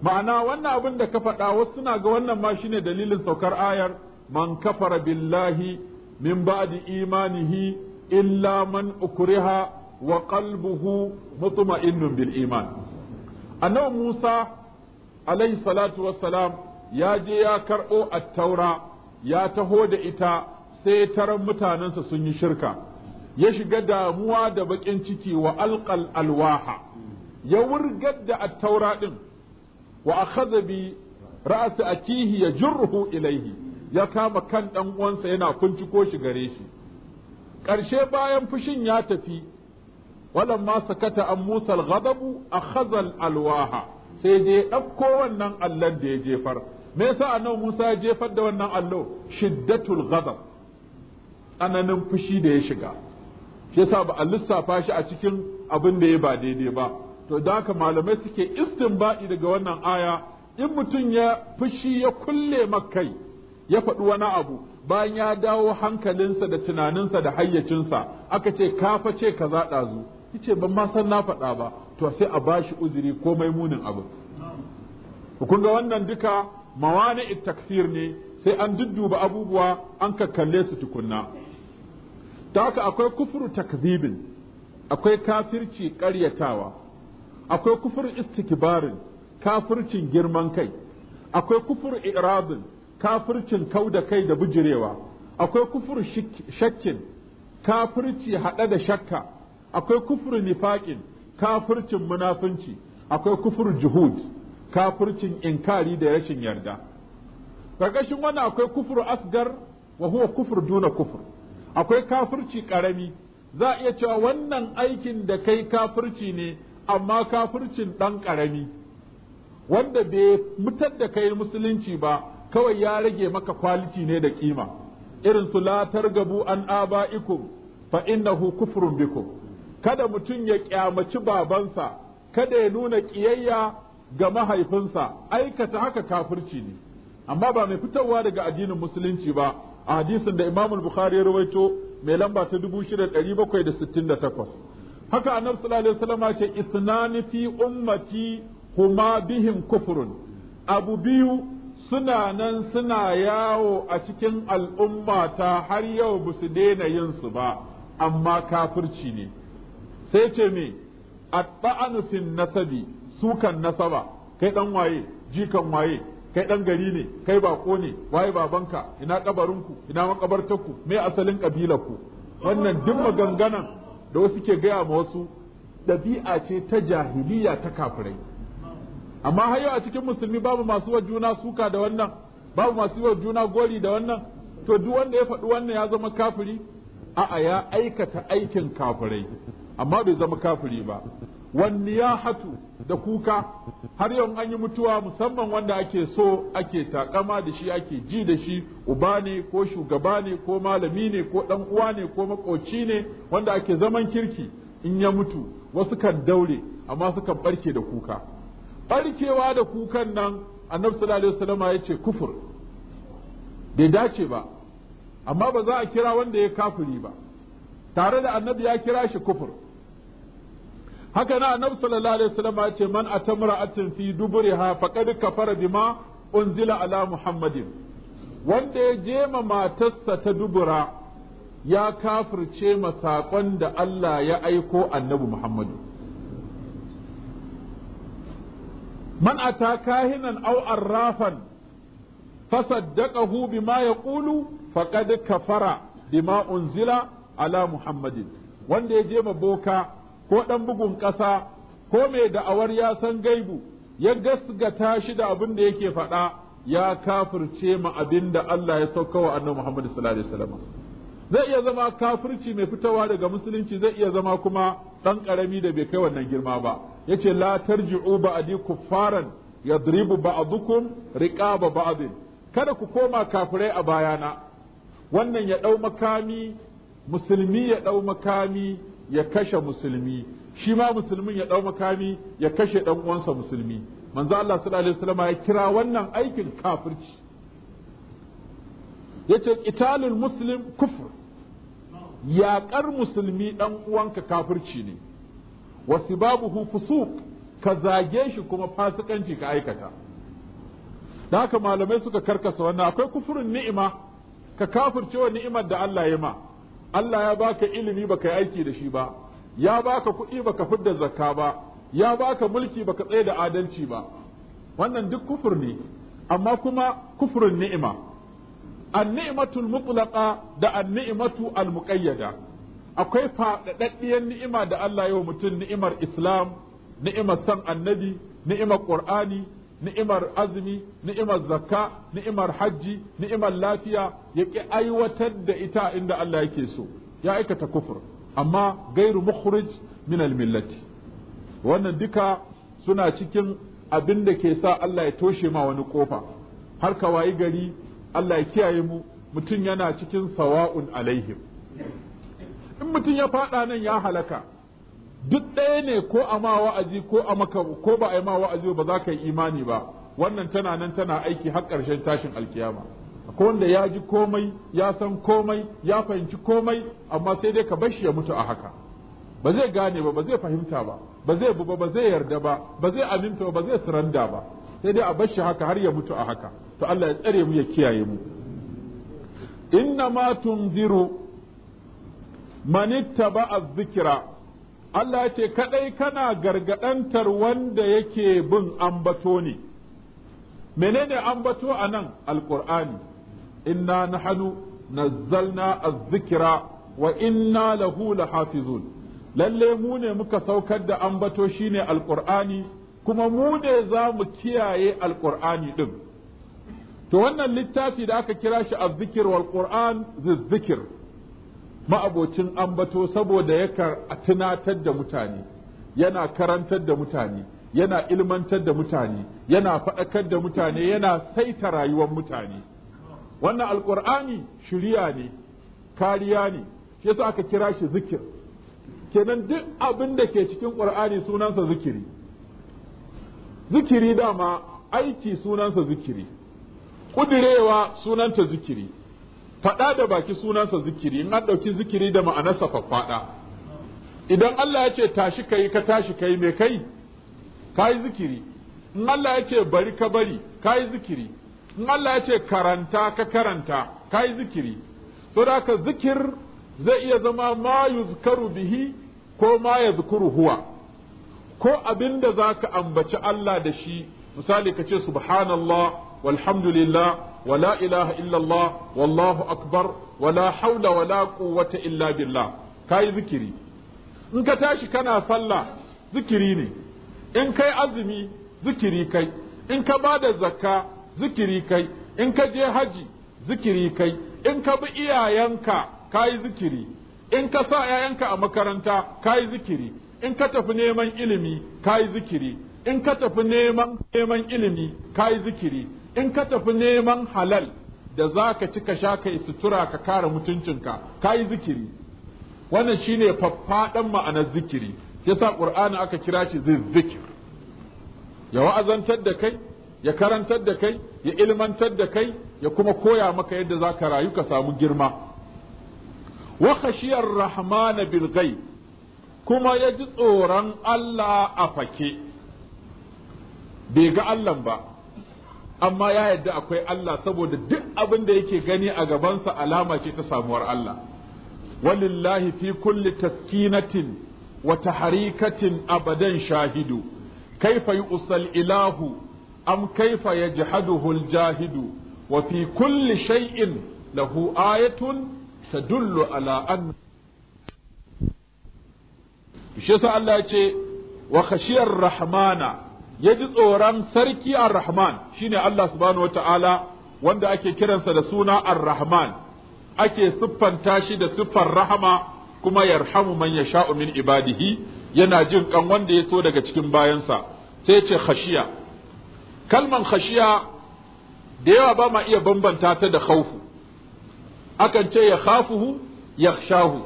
ma'ana wannan abin da ka faɗa wasu suna ga wannan ma shine dalilin saukar ayar man kafara billahi min ba'di imanihi illa man ukriha wa qalbuhu mutma'innun bil iman annabi Musa alaihi salatu wassalam ya je ya karɓo taura ya taho da ita sai taron mutanensa sun yi shirka ya shiga damuwa da baƙin ciki wa alƙal alwaha ya wurgar da attaura ɗin wa a akhadha bi a kihi ya ruhu ilaihi ya kama kan ɗan uwansa yana kunciko shi gare shi ƙarshe bayan fushin ya tafi walan ma sakata an musal ghadabu a khazal alwaha sai je ɗauko wannan allon da ya jefar me a nan Musa ya jefar da wannan allo shiddatul ghadab tsananin fushi da ya shiga shi yasa ba a lissafa shi a cikin abin da ya ba daidai ba to da haka malamai suke istinba'i daga wannan aya in mutum ya fushi ya kulle makai ya faɗi wani abu bayan ya dawo hankalinsa da tunaninsa da hayyacinsa aka ce ka ce ka zaɗa zu yace ban ma san na faɗa ba to sai a bashi uzuri ko maimunin abu kun ga wannan duka mawani takfir ne sai an dudduba abubuwa an kakkalle su tukunna ta haka akwai kufuru takzibin akwai kafirci ƙaryatawa akwai kufuru istikbarin kafircin girman kai akwai kufuru irabin kafircin kauda kai da bujurewa akwai kufuru shakkin kafirci haɗe da shakka akwai kufuru nifaƙin kafircin munafunci akwai kufuru juhud kafircin inkari da rashin yarda ƙarƙashin wannan akwai kufuru asgar wa huwa kufur duna kufur akwai kafirci ƙarami. za a iya cewa wannan aikin da kai kafirci ne amma kafircin ɗan ƙarami. wanda bai mutar da kai musulunci ba kawai ya rage maka kwaliti ne da kima irin su latar gabu an aba'ikum fa innahu kufrun bikum kada mutum ya kyamaci babansa kada ya nuna kiyayya ga mahaifinsa aikata haka kafirci ne amma ba mai fitowa daga addinin musulunci ba a hadisin da Imam Bukhari ya rawaito mai lamba ta 6768 haka annabi sallallahu alaihi wasallam ya ce isnani fi ummati huma bihim kufrun abu biyu suna nan suna yawo a cikin al'ummata har yau ba su daina yin su ba amma kafirci ne sai ce me at-ta'anu nasabi sukan nasaba kai dan waye jikan waye kai ɗan gari ne kai bako ne waye babanka ina kabarinku ina makabartarku me asalin kabilarku wannan duk maganganan da wasu ke gaya ma wasu dabi'a ce ta jahiliya ta kafirai amma har yau a cikin musulmi babu masu wa juna suka da wannan babu masu wa juna gori da wannan to duk wanda ya faɗi wannan ya zama kafiri a'a ya aikata aikin kafirai amma bai zama kafiri ba wan niyahatu da kuka har yau an yi mutuwa musamman wanda ake so ake takama da shi ake ji da shi uba ne ko shugaba ne ko malami ne ko dan uwa ne ko makoci ne wanda ake zaman kirki in ya mutu wasu kan daure amma sukan barke da kuka barkewa da kukan nan annabi sallallahu alaihi wasallam ya ce kufur bai dace ba amma ba za a kira wanda ya kafiri ba tare da annabi ya kira shi kufur haka na annabi sallallahu alaihi wasallam ya ce man atin fi duburiha faqad kafara bima unzila ala muhammadin wanda ya jema matarsa ta dubura ya kafirce saƙon da Allah ya aiko annabi muhammadu man ata kahinan aw arrafan fasaddaqahu bima yaqulu faqad kafara bima unzila ala muhammadin wanda ya jema boka ko ɗan bugun ƙasa ko mai da'awar ya san gaibu ya gasgata shi da abin da yake faɗa ya kafirce ma abin da Allah ya sauka wa annabi Muhammad sallallahu alaihi wasallam zai iya zama kafirci mai fitowa daga musulunci zai iya zama kuma ɗan ƙarami da bai kai wannan girma ba yace la tarji'u ba'di kuffaran yadribu ba'dukum riqaba ba'd kada ku koma kafirai a bayana wannan ya ɗau makami musulmi ya ɗau makami ya kashe musulmi shi ma musulmin ya ɗau makami ya kashe ɗan uwansa musulmi manzo Allah sallallahu alaihi ya kira wannan aikin kafirci yace qitalul muslim kufr yaƙar musulmi ɗan uwanka kafirci ne wasu babu fusuq ka zage shi kuma fasikanci ka aikata da haka malamai suka karkasa wannan akwai kufurin ni'ima ka kafirce wa ni'imar da Allah ya yi ma Allah ya baka ilimi baka yi aiki da shi ba ya baka kuɗi baka fidda zakka ba ya baka mulki baka tsaye da adalci ba wannan duk kufur ne amma kuma kufurin ni'ima an-ni'matul mutlaqa da an ni'imatu al-muqayyada akwai faɗaɗɗiyar ni'ima da Allah yau mutum ni'imar Islam ni'imar san annabi ni'imar ƙur'ani. ni'imar azumi ni'imar zakka ni'imar hajji ni'imar lafiya ya ƙi aiwatar da ita inda Allah yake so ya aikata kufur amma gairu mukhrij min al wannan duka suna cikin abin da ke sa Allah ya toshe ma wani kofa har ka wayi gari Allah ya kiyaye mu mutum yana cikin sawa'un alaihim in mutum ya faɗa nan ya halaka duk ɗaya ne ko a ma wa'azi ko a maka ko ba a yi ma wa'azi ba za ka yi imani ba wannan tana nan tana aiki har ƙarshen tashin alkiyama akwai wanda ya ji komai ya san komai ya fahimci komai amma sai dai ka bashi ya mutu a haka ba zai gane ba ba zai fahimta ba ba zai bu ba ba zai yarda ba ba zai aminta ba ba zai suranda ba sai dai a bashi haka har ya mutu a haka to Allah ya tsare mu ya kiyaye mu inna ma tunziru manittaba az-zikra Allah ya ce kadai kana gargadantar wanda yake bin ambato ne menene ambato a nan Alƙur'ani? inna nahnu nazzalna az-zikra wa inna lahu lahafizun lalle mu ne muka saukar da ambato shine Alƙur'ani? kuma mu ne za mu kiyaye Alƙur'ani ɗin? to wannan littafi da aka kira shi az-zikr wal qur'an ma'abocin ambato saboda ya tunatar da mutane yana karantar da mutane yana ilmantar da mutane yana faɗakar da mutane yana saita rayuwar mutane wannan alƙur'ani shirya ne kariya ne shi yasa aka kira shi zikir kenan duk abin da ke cikin ƙur'ani sunansa zikiri zikiri dama aiki sunansa zikiri kudirewa sunanta zikiri faɗa da baki sunansa zikiri in an ɗauki zikiri da ma'anarsa faffaɗa idan Allah ya ce tashi kai ka tashi kai mai kai ka yi zikiri in Allah ya ce bari ka bari yi zikiri in Allah ya ce karanta ka karanta yi zikiri saboda zikir zai iya zama ma yuzkaru bihi ko ma yuzkuru huwa ko abinda ka ambaci Allah da shi misali ka ce subhanallah والحمد لله ولا إله إلا الله والله أكبر ولا حول ولا قوة إلا بالله كاي ذكري إن كتاشي كنا صلى ذكريني إن كاي أزمي ذكري كاي إن كباد الزكاة ذكري كاي إن كجي حجي ذكري كاي إن كبئيا ينكا كاي ذكري in ka sa ‘ya'yanka a makaranta ka yi zikiri, in ka tafi neman ilimi ka yi zikiri, in ka tafi neman neman ilimi ka yi zikiri, in ka tafi neman halal da za ka ci ka sha ka sutura ka kare mutuncinka ka yi zikiri wannan shi ne faffaɗan ma'anar zikiri Ya sa ƙur'ani aka kira shi zikir ya wa'azantar da kai ya karantar da kai ya ilmantar da kai ya kuma koya maka yadda za ka rayu ka samu girma wa khashiyar rahmana bil kuma ya ji tsoron Allah a fake bai ga Allah ba amma ya yadda akwai Allah saboda duk abin da yake gani a gabansa alama ce ta samuwar Allah walillahi fi kulli taskinatin wa taharikatin abadan shahidu kaifa yusal ilahu am kaifa yajhaduhu aljahidu wa fi kulli shay'in lahu ayatun tadullu ala an shi yasa Allah ya ce wa khashiyar rahmana ya ji tsoron sarki ar-rahman shine Allah subhanahu wata'ala wanda ake kiransa da suna ar-rahman ake siffanta shi da siffar rahama kuma yarhamu man yasha'u min ibadihi yana jin kan wanda ya so daga cikin bayansa sai ce khashiya kalman khashiya da yawa ba ma iya bambanta ta da khaufu akan ce ya khafuhu ya shahu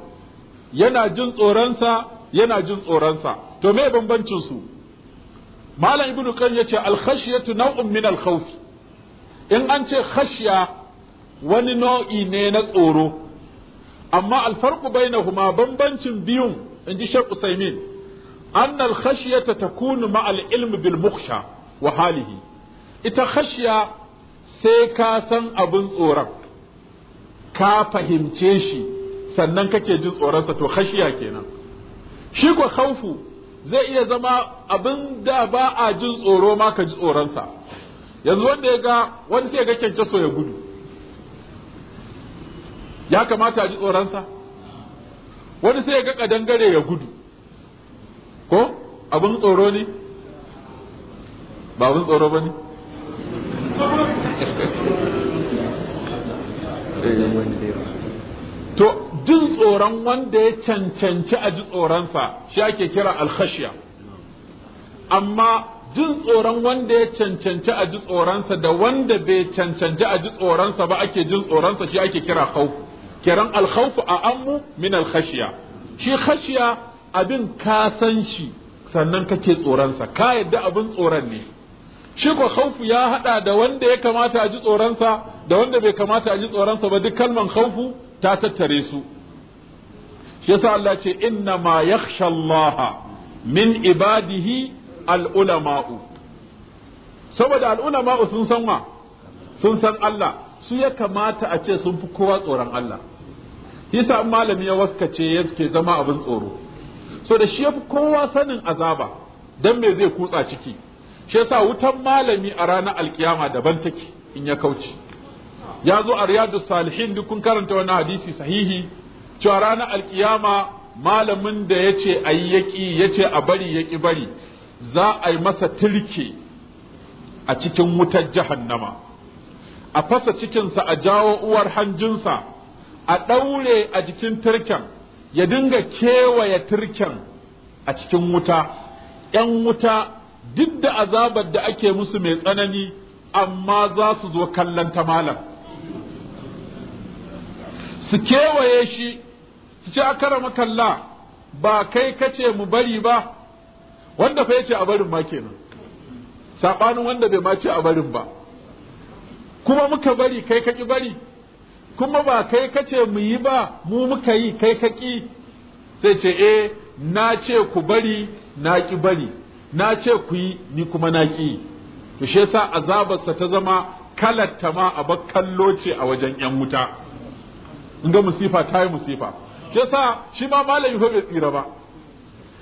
yana jin tsoronsa yana jin tsoronsa to me bambancin su malam Ibn kan yace al khashyatu naw'un min in an ce khashya wani nau'i ne na tsoro amma al farqu bainahuma bambancin biyun in ji shaykh usaimin anna al khashyata takunu ma'al al ilm bil mukhsha wa halihi ita khashya sai ka san abin tsoron ka fahimce shi sannan kake jin tsoronsa to khashiya kenan shi ko khaufu zai iya zama abin da ba a jin tsoro ma ka ji tsoronsa yanzu wanda ya ga wani sai ga kyankyaso ya gudu ya kamata a ji tsoronsa wani sai ya ga kadangare ya gudu ko abin tsoro ne ba abin tsoro ba ne to jin tsoron wanda ya cancanci a ji tsoronsa shi ake kira alkhashiya amma jin tsoron wanda ya cancanci a ji tsoronsa da wanda bai cancanci a ji tsoronsa ba ake jin tsoronsa shi ake kira khawfu kiran alkhawfu a ammu min alkhashiya shi khashiya abin ka san shi sannan kake tsoronsa ka yadda abin tsoron ne shi ko khawfu ya hada da wanda ya kamata a ji tsoronsa da wanda bai kamata a ji tsoronsa ba duk kalman khawfu ta tattare su yasa Allah ce inna ma yakhsha min ibadihi alulama'u saboda al-ulama'u sun san wa sun san Allah su ya kamata a ce sun fi kowa tsoron Allah yasa malami ya waskace ke zama abin tsoro so da shi ya fi kowa sanin azaba dan me zai kutsa ciki shi yasa wutan malami a ranar alkiyama daban take in ya kauce ya zo a riyadu salihin duk kun karanta wani hadisi sahihi cewa ranar alkiyama malamin da ya ce a yi yaƙi ya ce a bari yaƙi bari za a yi masa tirke a cikin wutar jahannama a fasa cikinsa a jawo uwar hanjinsa a ɗaure a jikin turken ya dinga kewaye turken a cikin wuta ‘yan wuta duk da azabar da ake musu mai tsanani amma za su zo kallon ta malam su kewaye shi su ce akarama kalla ba kai kace mu bari ba wanda fa yace a barin ma kenan sabanin wanda bai ma ce a barin ba kuma muka bari kai kaki bari kuma ba kai kace mu yi ba mu muka yi kai kaki sai ce eh na ce ku bari na ki bari na ce ku yi ni kuma na ki to shi yasa azabarsa ta zama kalatta ma a kallo ce a wajen yan wuta in ga musifa ta yi musifa yasa shi ma malami fa bai tsira ba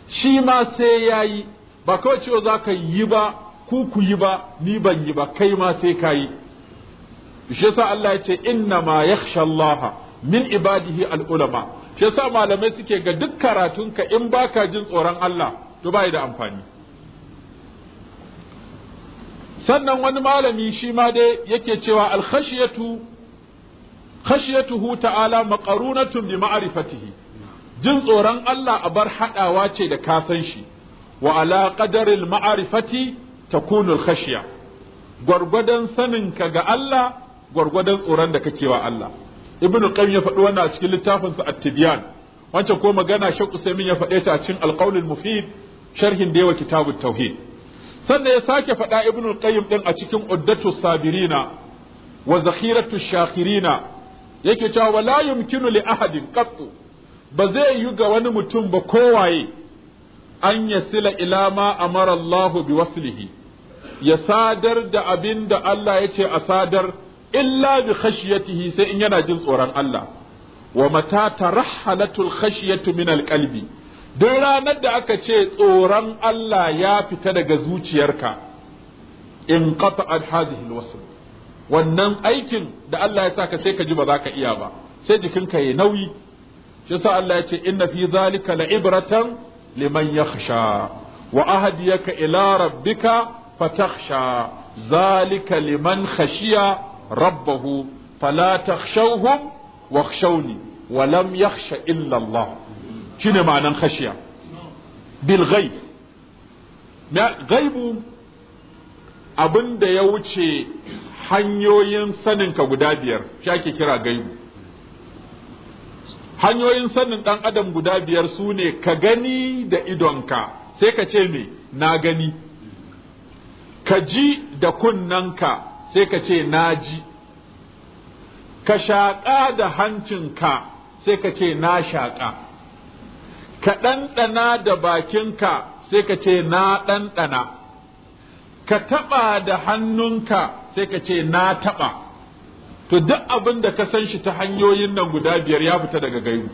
shi ma sai yayi ba kawai cewa za ka yi ba ku ku yi ba ni ban yi ba kai ma sai ka yi shi yasa Allah ya ce inna ma yakhsha Allah min ibadihi al ulama shi yasa malamai suke ga duk karatunka in baka jin tsoron Allah to bai da amfani sannan wani malami shi ma dai yake cewa al khashiyatuhu ta'ala maqarunatun bi ma'rifatihi jin tsoron Allah a bar hadawa ce da ka san shi wa ala qadaril ma'rifati takunu al khashiya gwargwadon sanin ka ga Allah gwargwadon tsoron da kake wa Allah ibn qayyim ya faɗi wannan a cikin littafin sa at-tibyan wancan ko magana Sheikh Usaimin ya faɗe ta a cikin al-qawl al-mufid sharhin da yawa kitabut tauhid sannan ya sake faɗa ibn qayyim din a cikin uddatu sabirina wa zakhiratu shakirina yake cewa wala yumkinu li ahadin qattu ba zai yi ga wani mutum ba kowaye an yasila ila ma amara Allah bi waslihi ya sadar da abin da Allah ya ce a sadar illa bi khashiyatihi sai in yana jin tsoron Allah wa mata tarahhalatul khashiyatu min alqalbi duk ranar da aka ce tsoron Allah ya fita daga zuciyarka in qata'at hadhihi alwasl wannan aikin da Allah ya saka sai ka ji ba za ka iya ba sai jikinka ya nauyi shi yasa Allah ya ce inna fi zalika la'ibratan liman yakhsha wa ahdiyaka ila rabbika fatakhsha zalika liman khashiya rabbahu fala takhshawhum wakhshawni wa lam yakhsha illa Allah shine ma'anan khashiya bil ghaib gaibu abin da ya wuce hanyoyin saninka guda biyar shi ake kira gaibu hanyoyin sanin ɗan adam guda biyar sune ka gani da idonka sai ka ce me na gani ka ji da kunnanka sai ka ce na ji ka shaƙa da hancinka sai ka ce na shaƙa ka ɗanɗana da bakin ka sai ka ce na ɗanɗana ka taɓa da hannunka sai ka ce na taɓa to duk abin da ka san shi ta hanyoyin nan guda biyar ya fita daga gaibu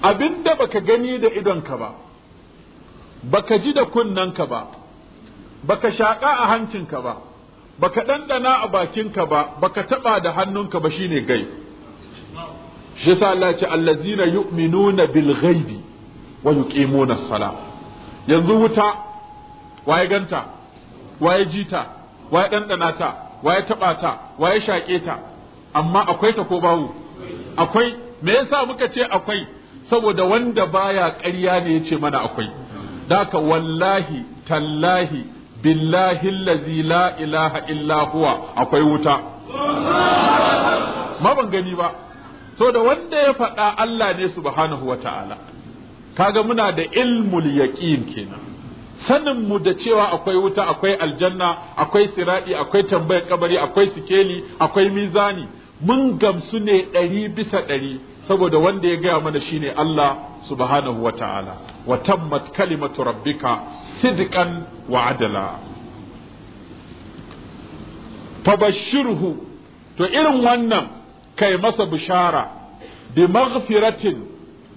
abin da baka gani da idonka ba baka ji da ka ba baka shaƙa a hancin ka ba baka ɗanɗana a bakinka ba baka taɓa da hannun ka ba shine gai shi sa Allah ce allazina yu'minuna bil ghaibi wa yuqimuna as-sala yanzu wuta waye ganta Wa ya ji ta? Wa ya ɗanɗana ta Wa ya taɓa ta Wa ya shaƙe ta amma akwai ta ko babu akwai me yasa muka ce akwai saboda wanda baya ƙarya ne ya ce mana akwai daka wallahi tallahi billahi allazi la ilaha illa huwa akwai wuta ma gani ba so da wanda ya faɗa Allah ne subhanahu wa ta'ala kaga muna da ilmul yaƙin kenan sanin mu da cewa akwai wuta akwai aljanna akwai siradi akwai tambayar kabari akwai sikeli akwai mizani mun gamsu ne ɗari bisa ɗari saboda wanda ya gaya mana shine Allah subhanahu wa ta'ala wa tammat kalimatu rabbika sidqan wa adala fabashshirhu to irin wannan kai masa bishara bi maghfiratin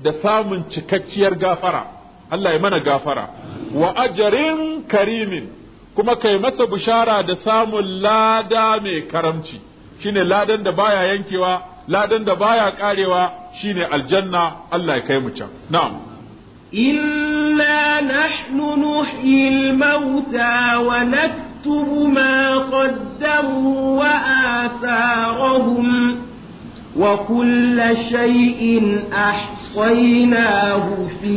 da samun cikakkiyar gafara Allah ya mana gafara wa ajarin karimin kuma kai masa bushara da samun lada mai karamci shine ladan da baya yankewa ladan da baya karewa shine aljanna Allah ya kai mu can na'am إنا نحن نحيي الموتى ونكتب ما قدموا وآثارهم وكل شيء أحصيناه في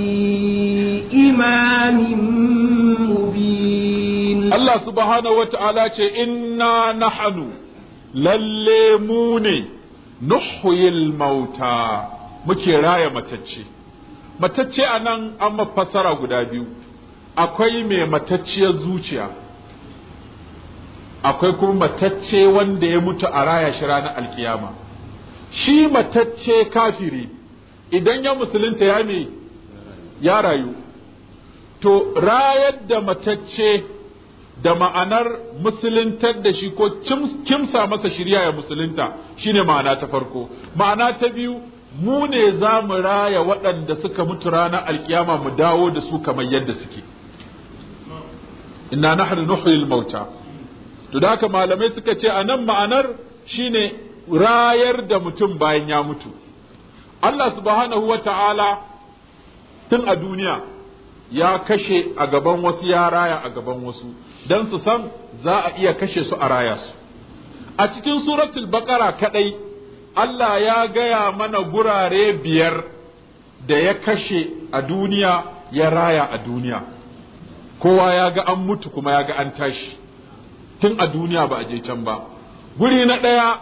إمام مبين الله سبحانه وتعالى إنا نحن للموني نحيي الموتى muke raya matacce matacce a nan an mafasara guda biyu akwai mai matacciyar zuciya akwai kuma matacce wanda ya mutu a raya shi ranar alkiyama shi matacce kafiri idan ya musulunta ya me ya rayu to rayar da matacce da ma'anar musuluntar da shi ko kimsa masa shirya ya musulunta shine ma'ana ta farko ma'ana ta biyu mu ne za mu raya waɗanda suka mutu ranar alkiyama mu dawo da su kamar yadda suke inna nahnu nuhyil mauta to da haka malamai suka ce anan ma'anar shine rayar da mutum bayan ya mutu Allah subhanahu wa ta'ala tun a duniya ya kashe a gaban wasu ya raya a gaban wasu don su san za a iya kashe su a raya su a cikin suratul baqara kadai Allah ya gaya mana gurare biyar da ya kashe a duniya ya raya a duniya kowa ya ga an mutu kuma ya ga an tashi tun a duniya ba a je can ba guri na ɗaya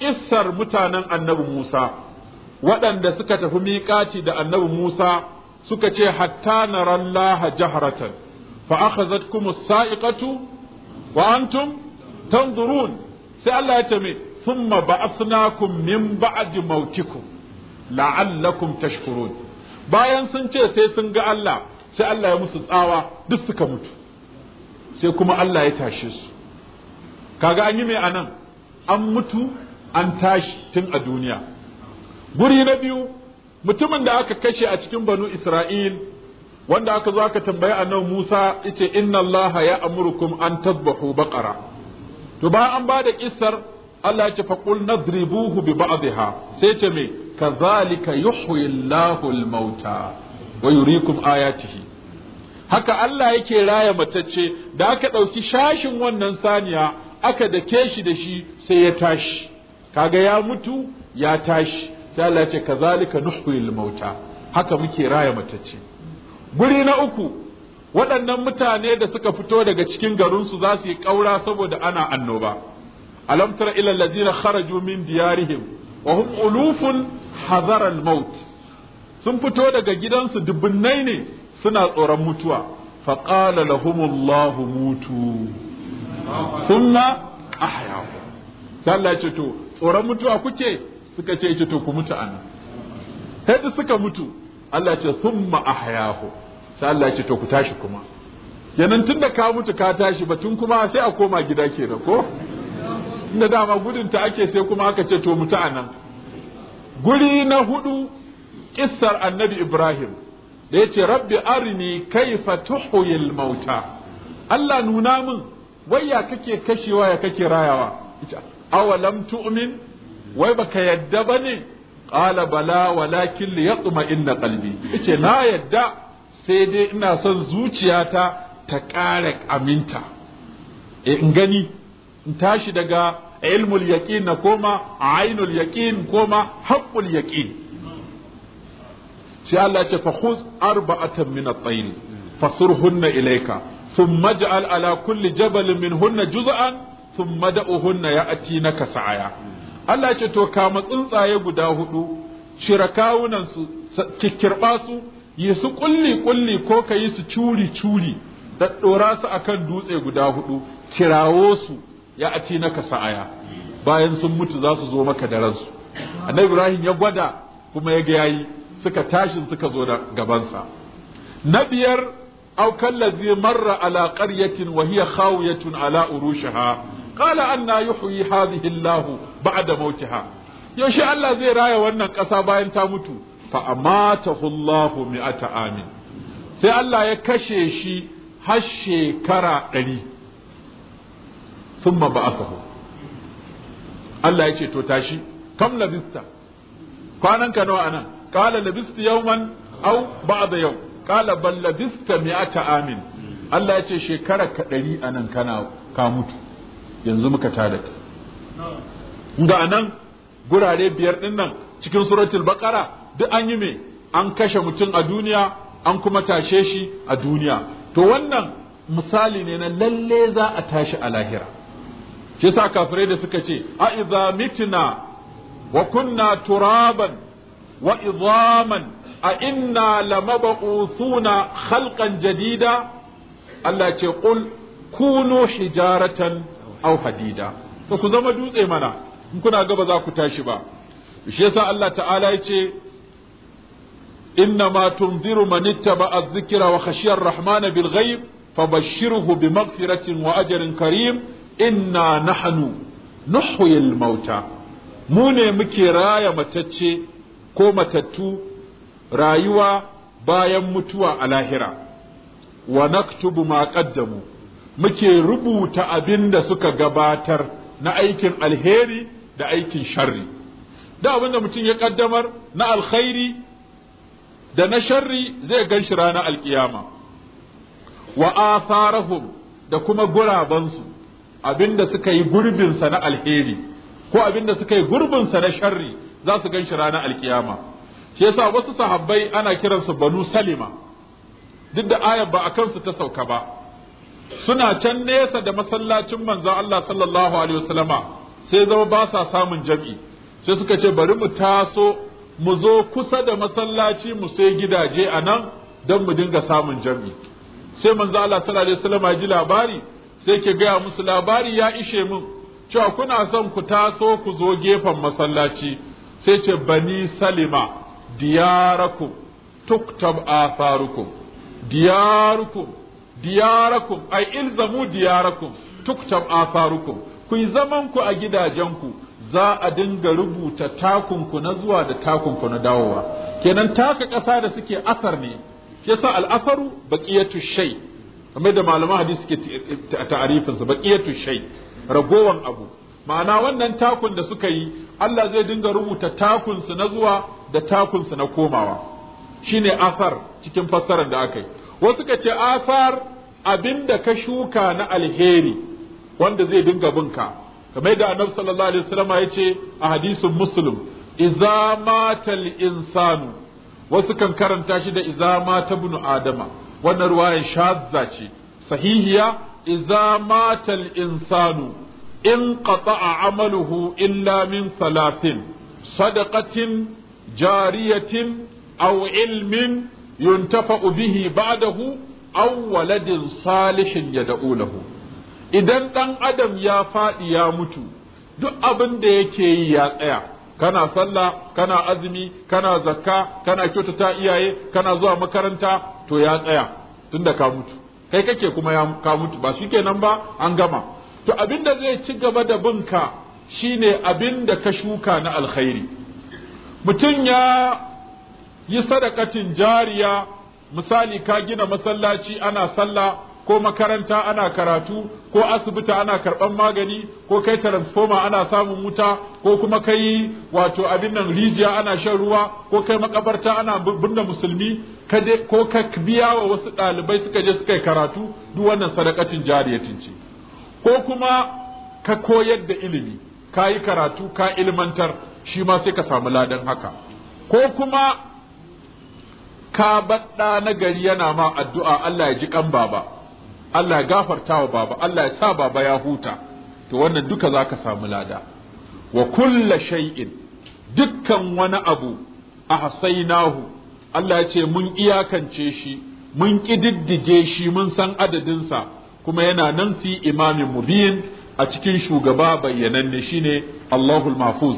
kissar mutanen annabi Musa waɗanda suka tafi miƙaci da annabi Musa suka ce hatta narallaha jahratan fa akhadhatkum as-sa'iqatu wa antum tanzurun sai Allah ya ce me thumma ba'athnakum min ba'di mautikum la'allakum tashkurun bayan sun ce sai sun ga Allah sai Allah ya musu tsawa duk suka mutu sai kuma Allah ya tashe su kaga an yi mai anan an mutu an tashi tun a duniya guri na biyu mutumin da aka kashe a cikin banu isra'il wanda aka zo aka tambayi annabi musa yace inna allaha ya amurukum an tabbahu baqara to ba an ba da kissar Allah ya ce faqul nadribuhu bi ba'dihha sai ce me kazalika yuhyi Allahu al-mauta wa yuriikum ayatihi haka Allah yake raya matacce da aka ɗauki shashin wannan saniya aka dake shi da shi sai ya tashi kaga ya mutu ya tashi sai Allah ce kazalika nuhyil mauta haka muke raya matacce guri na uku waɗannan mutane da suka fito daga cikin garinsu za su yi ƙaura saboda ana annoba alam tara ila allazina kharaju min diyarihim wa hum ulufun hazara al-maut sun fito daga gidansu dubunnai ne suna tsoron mutuwa faqala lahumullahu mutu thumma ahyahu Allah ce to tsoron mutuwa kuke suka ce to ku mutu anan sai suka mutu Allah ce thumma ahyahu sai Allah ce to ku tashi kuma kenan tunda ka mutu ka tashi batun kuma sai a koma gida kenan ko inda dama gudun ta ake sai kuma aka ce to mutu anan guri na hudu kissar annabi Ibrahim da ya ce rabbi arini kaifa tuhyil mauta Allah nuna min wai ya kake kashewa ya kake rayawa awalam tu'min wai baka yadda bane ƙala bala walakin li yatma'inna qalbi ce na yadda sai dai ina son zuciyata ta ƙara aminta eh, in gani in tashi daga ilmul yaqin na koma ainul yaqin koma haƙƙul yaqin sai Allah ce fa khudh arba'atan min at-tayr fasurhunna ilayka thumma ij'al ala kulli jabalin minhunna juz'an thumma da'uhunna naka sa'aya Allah ce to kama tsuntsaye guda hudu cire kawunan su kikkirba su yi su kulli kulli ko ka yi su curi curi da dora su akan dutse guda hudu kirawo su naka sa'aya bayan sun mutu za su zo maka da ransu annabi Ibrahim ya gwada kuma ya ga yayi suka tashi suka zo da gabansa na biyar aukan lazi marra ala wahiya wa hiya khawiyatun ala urushaha qala anna yuhyi hadhihi Allah ba'da mautiha yaushe Allah zai raya wannan ƙasa bayan ta mutu fa amatahu Allah mi'ata amin sai Allah ya kashe shi har shekara ɗari thumma ba'athahu Allah ya to tashi kam labista kwananka nawa anan qala labistu yawman aw ba'da yau Kala bal labista mi'ata amin Allah yace shekara ka ɗari anan kana ka mutu yanzu muka tada kai ga anan gurare biyar din nan cikin suratul baqara duk an yi me an kashe mutum a duniya an kuma tashe shi a duniya to wannan misali ne na lalle za a tashi a lahira shi yasa kafirai da suka ce a idza mitna wa kunna turaban wa idhaman a inna lamab'uthuna khalqan jadida Allah ce kul, kunu hijaratan aw hadida to ku zama dutse mana in kuna ga ba za ku tashi ba shi yasa Allah ta'ala ya ce inna ma tunziru man ittaba adh-dhikra wa khashiya ar-rahmana bil ghaib fabashshirhu bi maghfiratin wa ajrin karim inna nahnu nuhyi al-mauta mu ne muke raya matacce ko matattu rayuwa bayan mutuwa a lahira wa naktubu ma qaddamu muke rubuta abin da suka gabatar na aikin alheri da aikin sharri da abin da mutum ya kaddamar na alkhairi da na sharri zai gan shi ranar alkiyama wa atharahum da kuma gurabansu abin da suka yi gurbinsa na alheri ko abin da suka yi gurbinsa na sharri za su gan shi ranar alkiyama shi yasa wasu sahabbai ana kiransu banu salima duk da ayar ba a kansu ta sauka ba suna can nesa da masallacin manzon Allah sallallahu alaihi wasallama sai zama ba sa samun jam'i sai suka ce bari mu taso mu zo kusa da masallaci mu sai gidaje a nan don mu dinga samun jam'i sai manzo Allah sallallahu alaihi wasallama ji labari sai ke gaya musu labari ya ishe min cewa kuna son ku taso ku zo gefen masallaci sai ce bani salima diyarakum tuktab atharukum diyarukum diyarakum ay ilzamu diyarakum tuktab afarukum ku yi zaman ku a gidajenku za a dinga rubuta takunku na zuwa da takunku na dawowa kenan taka ƙasa da suke asar ne yasa al'asaru baqiyatu shay kamar da malaman hadisi suke ta'arifin sa baqiyatu shay ragowan abu ma'ana wannan takun da suka yi Allah zai dinga rubuta takunsu na zuwa da takunsu na komawa shine asar cikin fassarar da aka yi wasu ka ce asar abinda ka shuka na alheri wanda zai dinga binka kamar da annabi sallallahu alaihi wasallam ya ce a hadisin muslim idza matal insanu wasu kan karanta shi da idza mata ibn adama wannan ruwaya shazza ce sahihiya idza matal insanu in qata'a amaluhu illa min salasin sadaqatin jariyatin aw ilmin yuntafa'u bihi ba'dahu aw waladin salihin yad'u lahu idan dan adam ya faɗi ya mutu duk abin da yake yi ya tsaya kana sallah kana azumi kana zakka kana kyautata iyaye kana zuwa makaranta to ya tsaya tunda ka mutu kai kake kuma ya ka mutu ba shi kenan ba an gama to abinda zai ci gaba da binka shine abinda ka shuka na alkhairi mutum ya yi sadakacin jariya misali ka gina masallaci ana sallah ko makaranta ana karatu ko asibiti ana karban magani ko kai transformer ana samun wuta ko kuma kai wato abin nan rijiya ana shan ruwa ko kai makabarta ana binne musulmi ko ka biya wa wasu ɗalibai suka je suka yi karatu duk wannan sadakacin jariyatin ce ko kuma ka koyar da ilimi ka yi karatu ka ilmantar shi ma sai ka samu ladan haka ko kuma ka badda na gari yana ma addu'a Allah ya ji kan baba Allah ya gafarta wa baba Allah ya sa baba ya huta to wannan duka zaka samu lada wa kulla shay'in dukkan wani abu a hasainahu, Allah ya ce mun iyakance shi mun kididdige shi mun san adadinsa kuma yana nan fi imamin mubin a cikin shugaba bayyananne shine Allahul Mahfuz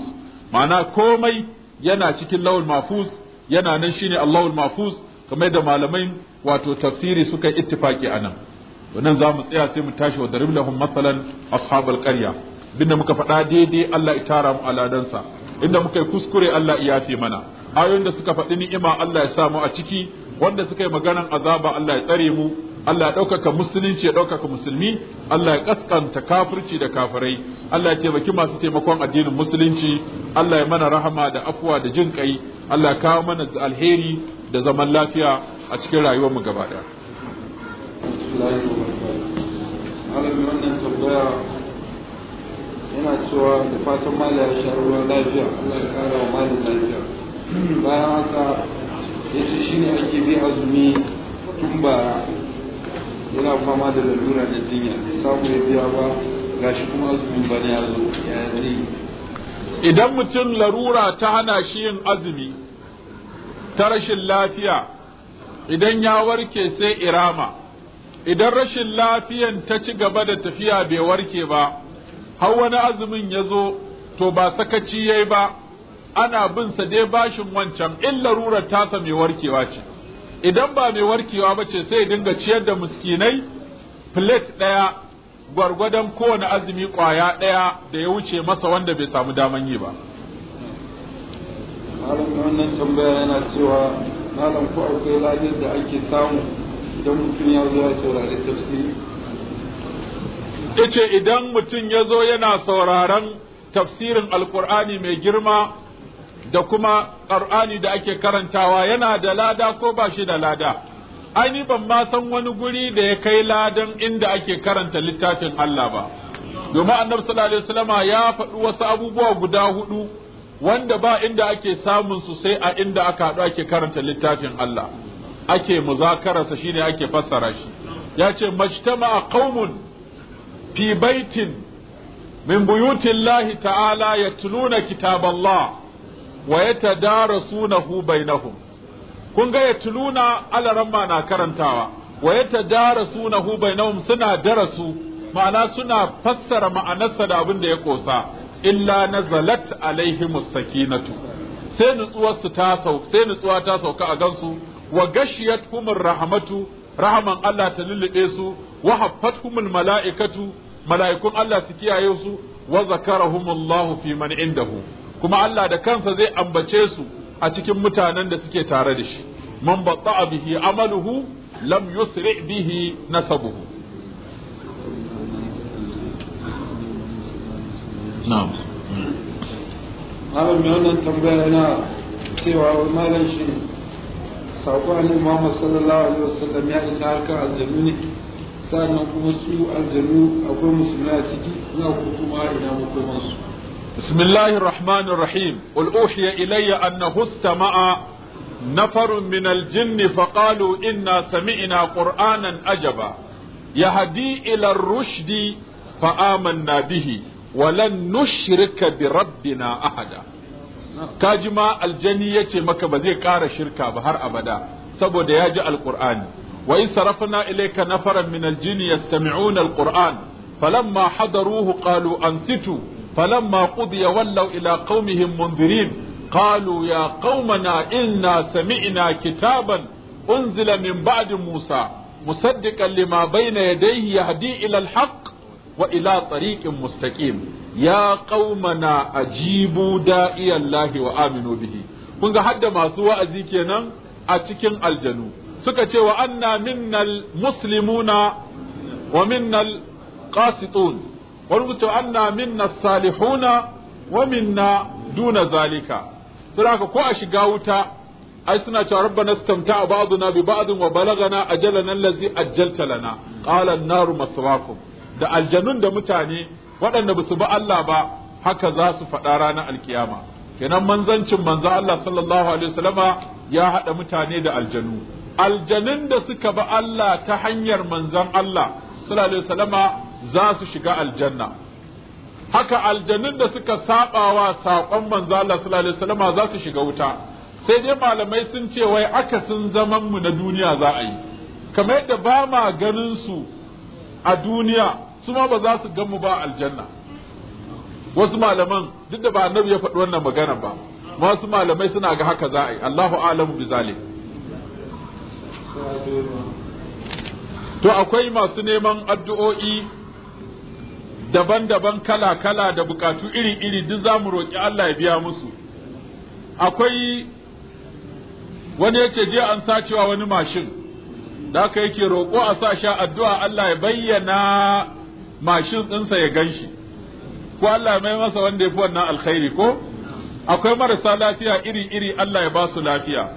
ma'ana komai yana cikin lawul Mahfuz yana nan shine Allahul Mahfuz kamar da malamai wato tafsiri suka yi a nan wannan za mu tsaya sai mu tashi wa darib lahum masalan ashabal qarya binda muka faɗa daidai Allah ya tara mu aladansa inda muka yi kuskure Allah ya fi mana ayoyin da suka faɗi ni'ima Allah ya sa mu a ciki wanda suka yi maganan azaba Allah ya tsare mu Allah ya ɗaukaka musulunci ya ɗaukaka musulmi Allah ya kaskanta kafirci da kafirai Allah ya taimaki masu taimakon addinin musulunci Allah ya mana rahama da afuwa da jin kai Allah ya kawo mana alheri da zaman lafiya a cikin rayuwarmu gaba ɗaya tambaya yana cewa da fatan malam ya sha ruwan lafiya Allah ya kara wa malam lafiya bayan haka yace shine ake bi azumi tun ba yana fama da lalura da jinya samu ya biya ba ga shi kuma azumi ba ya zo ya zai idan mutum larura ta hana shi yin azumi ta rashin lafiya idan ya warke sai irama idan rashin lafiyan ta ci gaba da tafiya bai warke ba har wani azumin ya zo to ba sakaci yayi ba ana bin sa dai bashin wancan in larurar tasa mai warkewa ce idan ba mai warkewa ba ce sai dinga ciyar da miskinai plate ɗaya gwargwadon kowane azumi ƙwaya ɗaya da ya wuce masa wanda bai samu daman yi ba Malamin wannan tambaya yana cewa malam ko akwai ladin da ake samu idan mutum ya zo ya saurari tafsiri yace idan mutum ya zo yana sauraron tafsirin alkur'ani mai girma da kuma ƙar'ani da ake karantawa yana da lada ko ba shi da lada ni ban ma san wani guri da ya kai ladan inda ake karanta littafin Allah ba domin annabi sallallahu alaihi wasallama ya faɗi wasu abubuwa guda hudu wanda ba inda ake samun su sai a inda aka haɗu ake karanta littafin Allah ake muzakararsa shine ake fassara shi ya ce majtama qaumun fi baitin min buyutillahi ta'ala yatluna kitaballah wa yatadarasunahu bainahum kun ga yatluna alaramma na karantawa wa yatadarasunahu bainahum suna darasu ma'ana suna fassara ma'anarsa da abin da ya kosa illa nazalat alaihimus sakinatu sai nutsuwar su ta sau sai nutsuwa ta sauka a gansu wa gashiyat humur rahmatu rahaman Allah ta lullube su wa haffat humul mala'ikatu mala'ikun Allah su kiyaye su wa zakarahumullahu fi man indahu kuma Allah da kansa zai ambace su a cikin mutanen da suke tare da shi man batta bihi amaluhu lam yusri bihi nasabuhu na'am malam mai wannan tambaya ina cewa malam shi sako annabi Muhammad sallallahu alaihi wasallam ya isa harkar aljannu ne sannan kuma su aljannu akwai musulmi a ciki za ku kuma ina makomansu بسم الله الرحمن الرحيم قل أوحي إلي أنه استمع نفر من الجن فقالوا إنا سمعنا قرآنا أجبا يهدي إلى الرشد فآمنا به ولن نشرك بربنا أحدا كاجما الجني يتي مكة بذي كار شركة بهر أبدا سبو دياج القرآن وإن صرفنا إليك نفرا من الجن يستمعون القرآن فلما حضروه قالوا أنصتوا فلما قضي ولوا إلى قومهم منذرين قالوا يا قومنا إنا سمعنا كتابا أنزل من بعد موسى مصدقا لما بين يديه يهدي إلى الحق وإلى طريق مستقيم يا قومنا أجيبوا داعي الله وآمنوا به kun ga hadda masu wa'azi kenan a cikin aljanu suka ce wa anna minnal muslimuna wa minnal qasitun warbutu anna minna salihuna wa minna duna zalika sai haka ko a shiga wuta ai suna cewa rabbana stamta ba'duna bi ba'din wa balagana ajalana allazi ajjalta lana qala an-naru maswaakum da aljanun da mutane waɗanda basu bi Allah ba haka za su faɗa ranar alkiyama kenan manzancin manzo Allah sallallahu alaihi wasallama ya haɗa mutane da aljanu aljanun da suka bi Allah ta hanyar manzon Allah sallallahu alaihi wasallama za su shiga aljanna haka aljanun da suka wa saƙon manzo Allah sallallahu alaihi wasallam za su shiga wuta sai dai malamai sun ce wai aka sun zaman mu na duniya za a yi kamar yadda ba ma ganin su a duniya su ma ba za su gan mu ba aljanna wasu malaman duk da ba annabi ya faɗi wannan magana ba wasu malamai suna ga haka za a yi Allahu alam bi zalim to akwai masu neman addu'o'i daban-daban kala-kala da bukatu iri-iri duk za mu roƙi Allah ya biya musu akwai wani ya ce je an sacewa wani mashin da aka yake roƙo a sa sha addu'a Allah ya bayyana mashin ɗinsa ya ganshi. shi ko Allah ya mai masa wanda ya fi wannan alkhairi ko akwai marasa lafiya iri-iri Allah ya ba su lafiya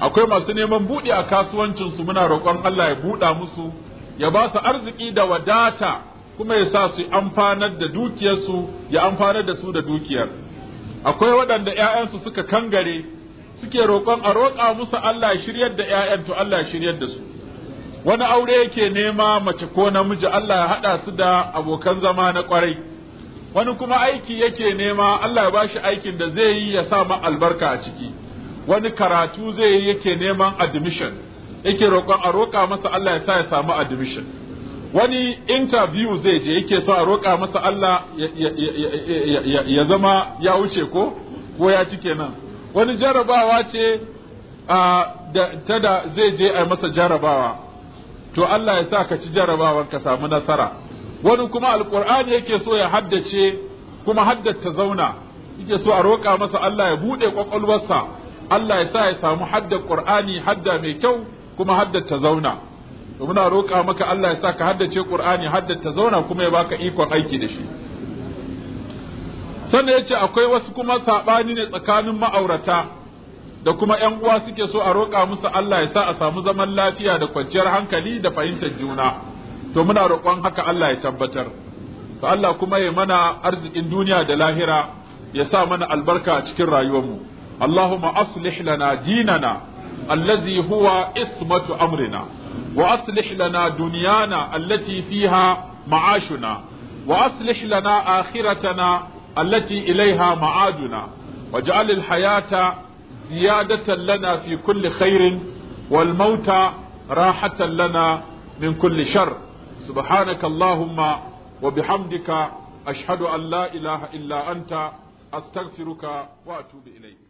akwai masu neman buɗe a kasuwancinsu muna roƙon Allah ya buɗa musu ya ba su arziki da wadata kuma ya sa su amfanar da dukiyarsu ya amfanar da su da dukiyar akwai waɗanda ‘ya'yansu suka kangare suke roƙon a roƙa musu Allah shiryar da ‘ya'yan to Allah shiryar da su wani aure yake nema mace ko namiji Allah ya haɗa su da abokan zama na ƙwarai wani kuma aiki yake nema Allah ya bashi aikin da zai yi ya sa ma albarka a ciki wani karatu zai yi yake neman admission yake roƙon a roƙa masa Allah ya sa ya samu admission wani interview zai je yake so a roƙa masa Allah ya zama ya wuce ko ko ya ci kenan wani jarabawa ce ta da zai je a masa jarabawa to Allah ya sa ka ci jarabawar ka samu nasara wani kuma alkur'ani yake so ya haddace kuma haddata zauna yake so a roƙa masa Allah ya buɗe ƙwaƙwalwarsa Allah ya sa ya samu haddar ƙur'ani hadda mai kyau kuma haddata zauna to muna roƙa maka Allah ya sa ka haddace Qur'ani haddace zauna kuma ya baka ikon aiki da shi sannan ya ce akwai wasu kuma saɓani ne tsakanin ma'aurata da kuma ‘yan uwa suke so a roƙa musu Allah ya sa a samu zaman lafiya da kwanciyar hankali da fahimtar juna to muna roƙon haka Allah ya tabbatar to Allah kuma ya mana arzikin duniya da lahira ya sa mana albarka a cikin rayuwarmu Allahumma aslih lana dinana allazi huwa ismatu amrina وأصلح لنا دنيانا التي فيها معاشنا وأصلح لنا آخرتنا التي إليها معادنا واجعل الحياة زيادة لنا في كل خير والموت راحة لنا من كل شر سبحانك اللهم وبحمدك أشهد أن لا إله إلا أنت أستغفرك وأتوب إليك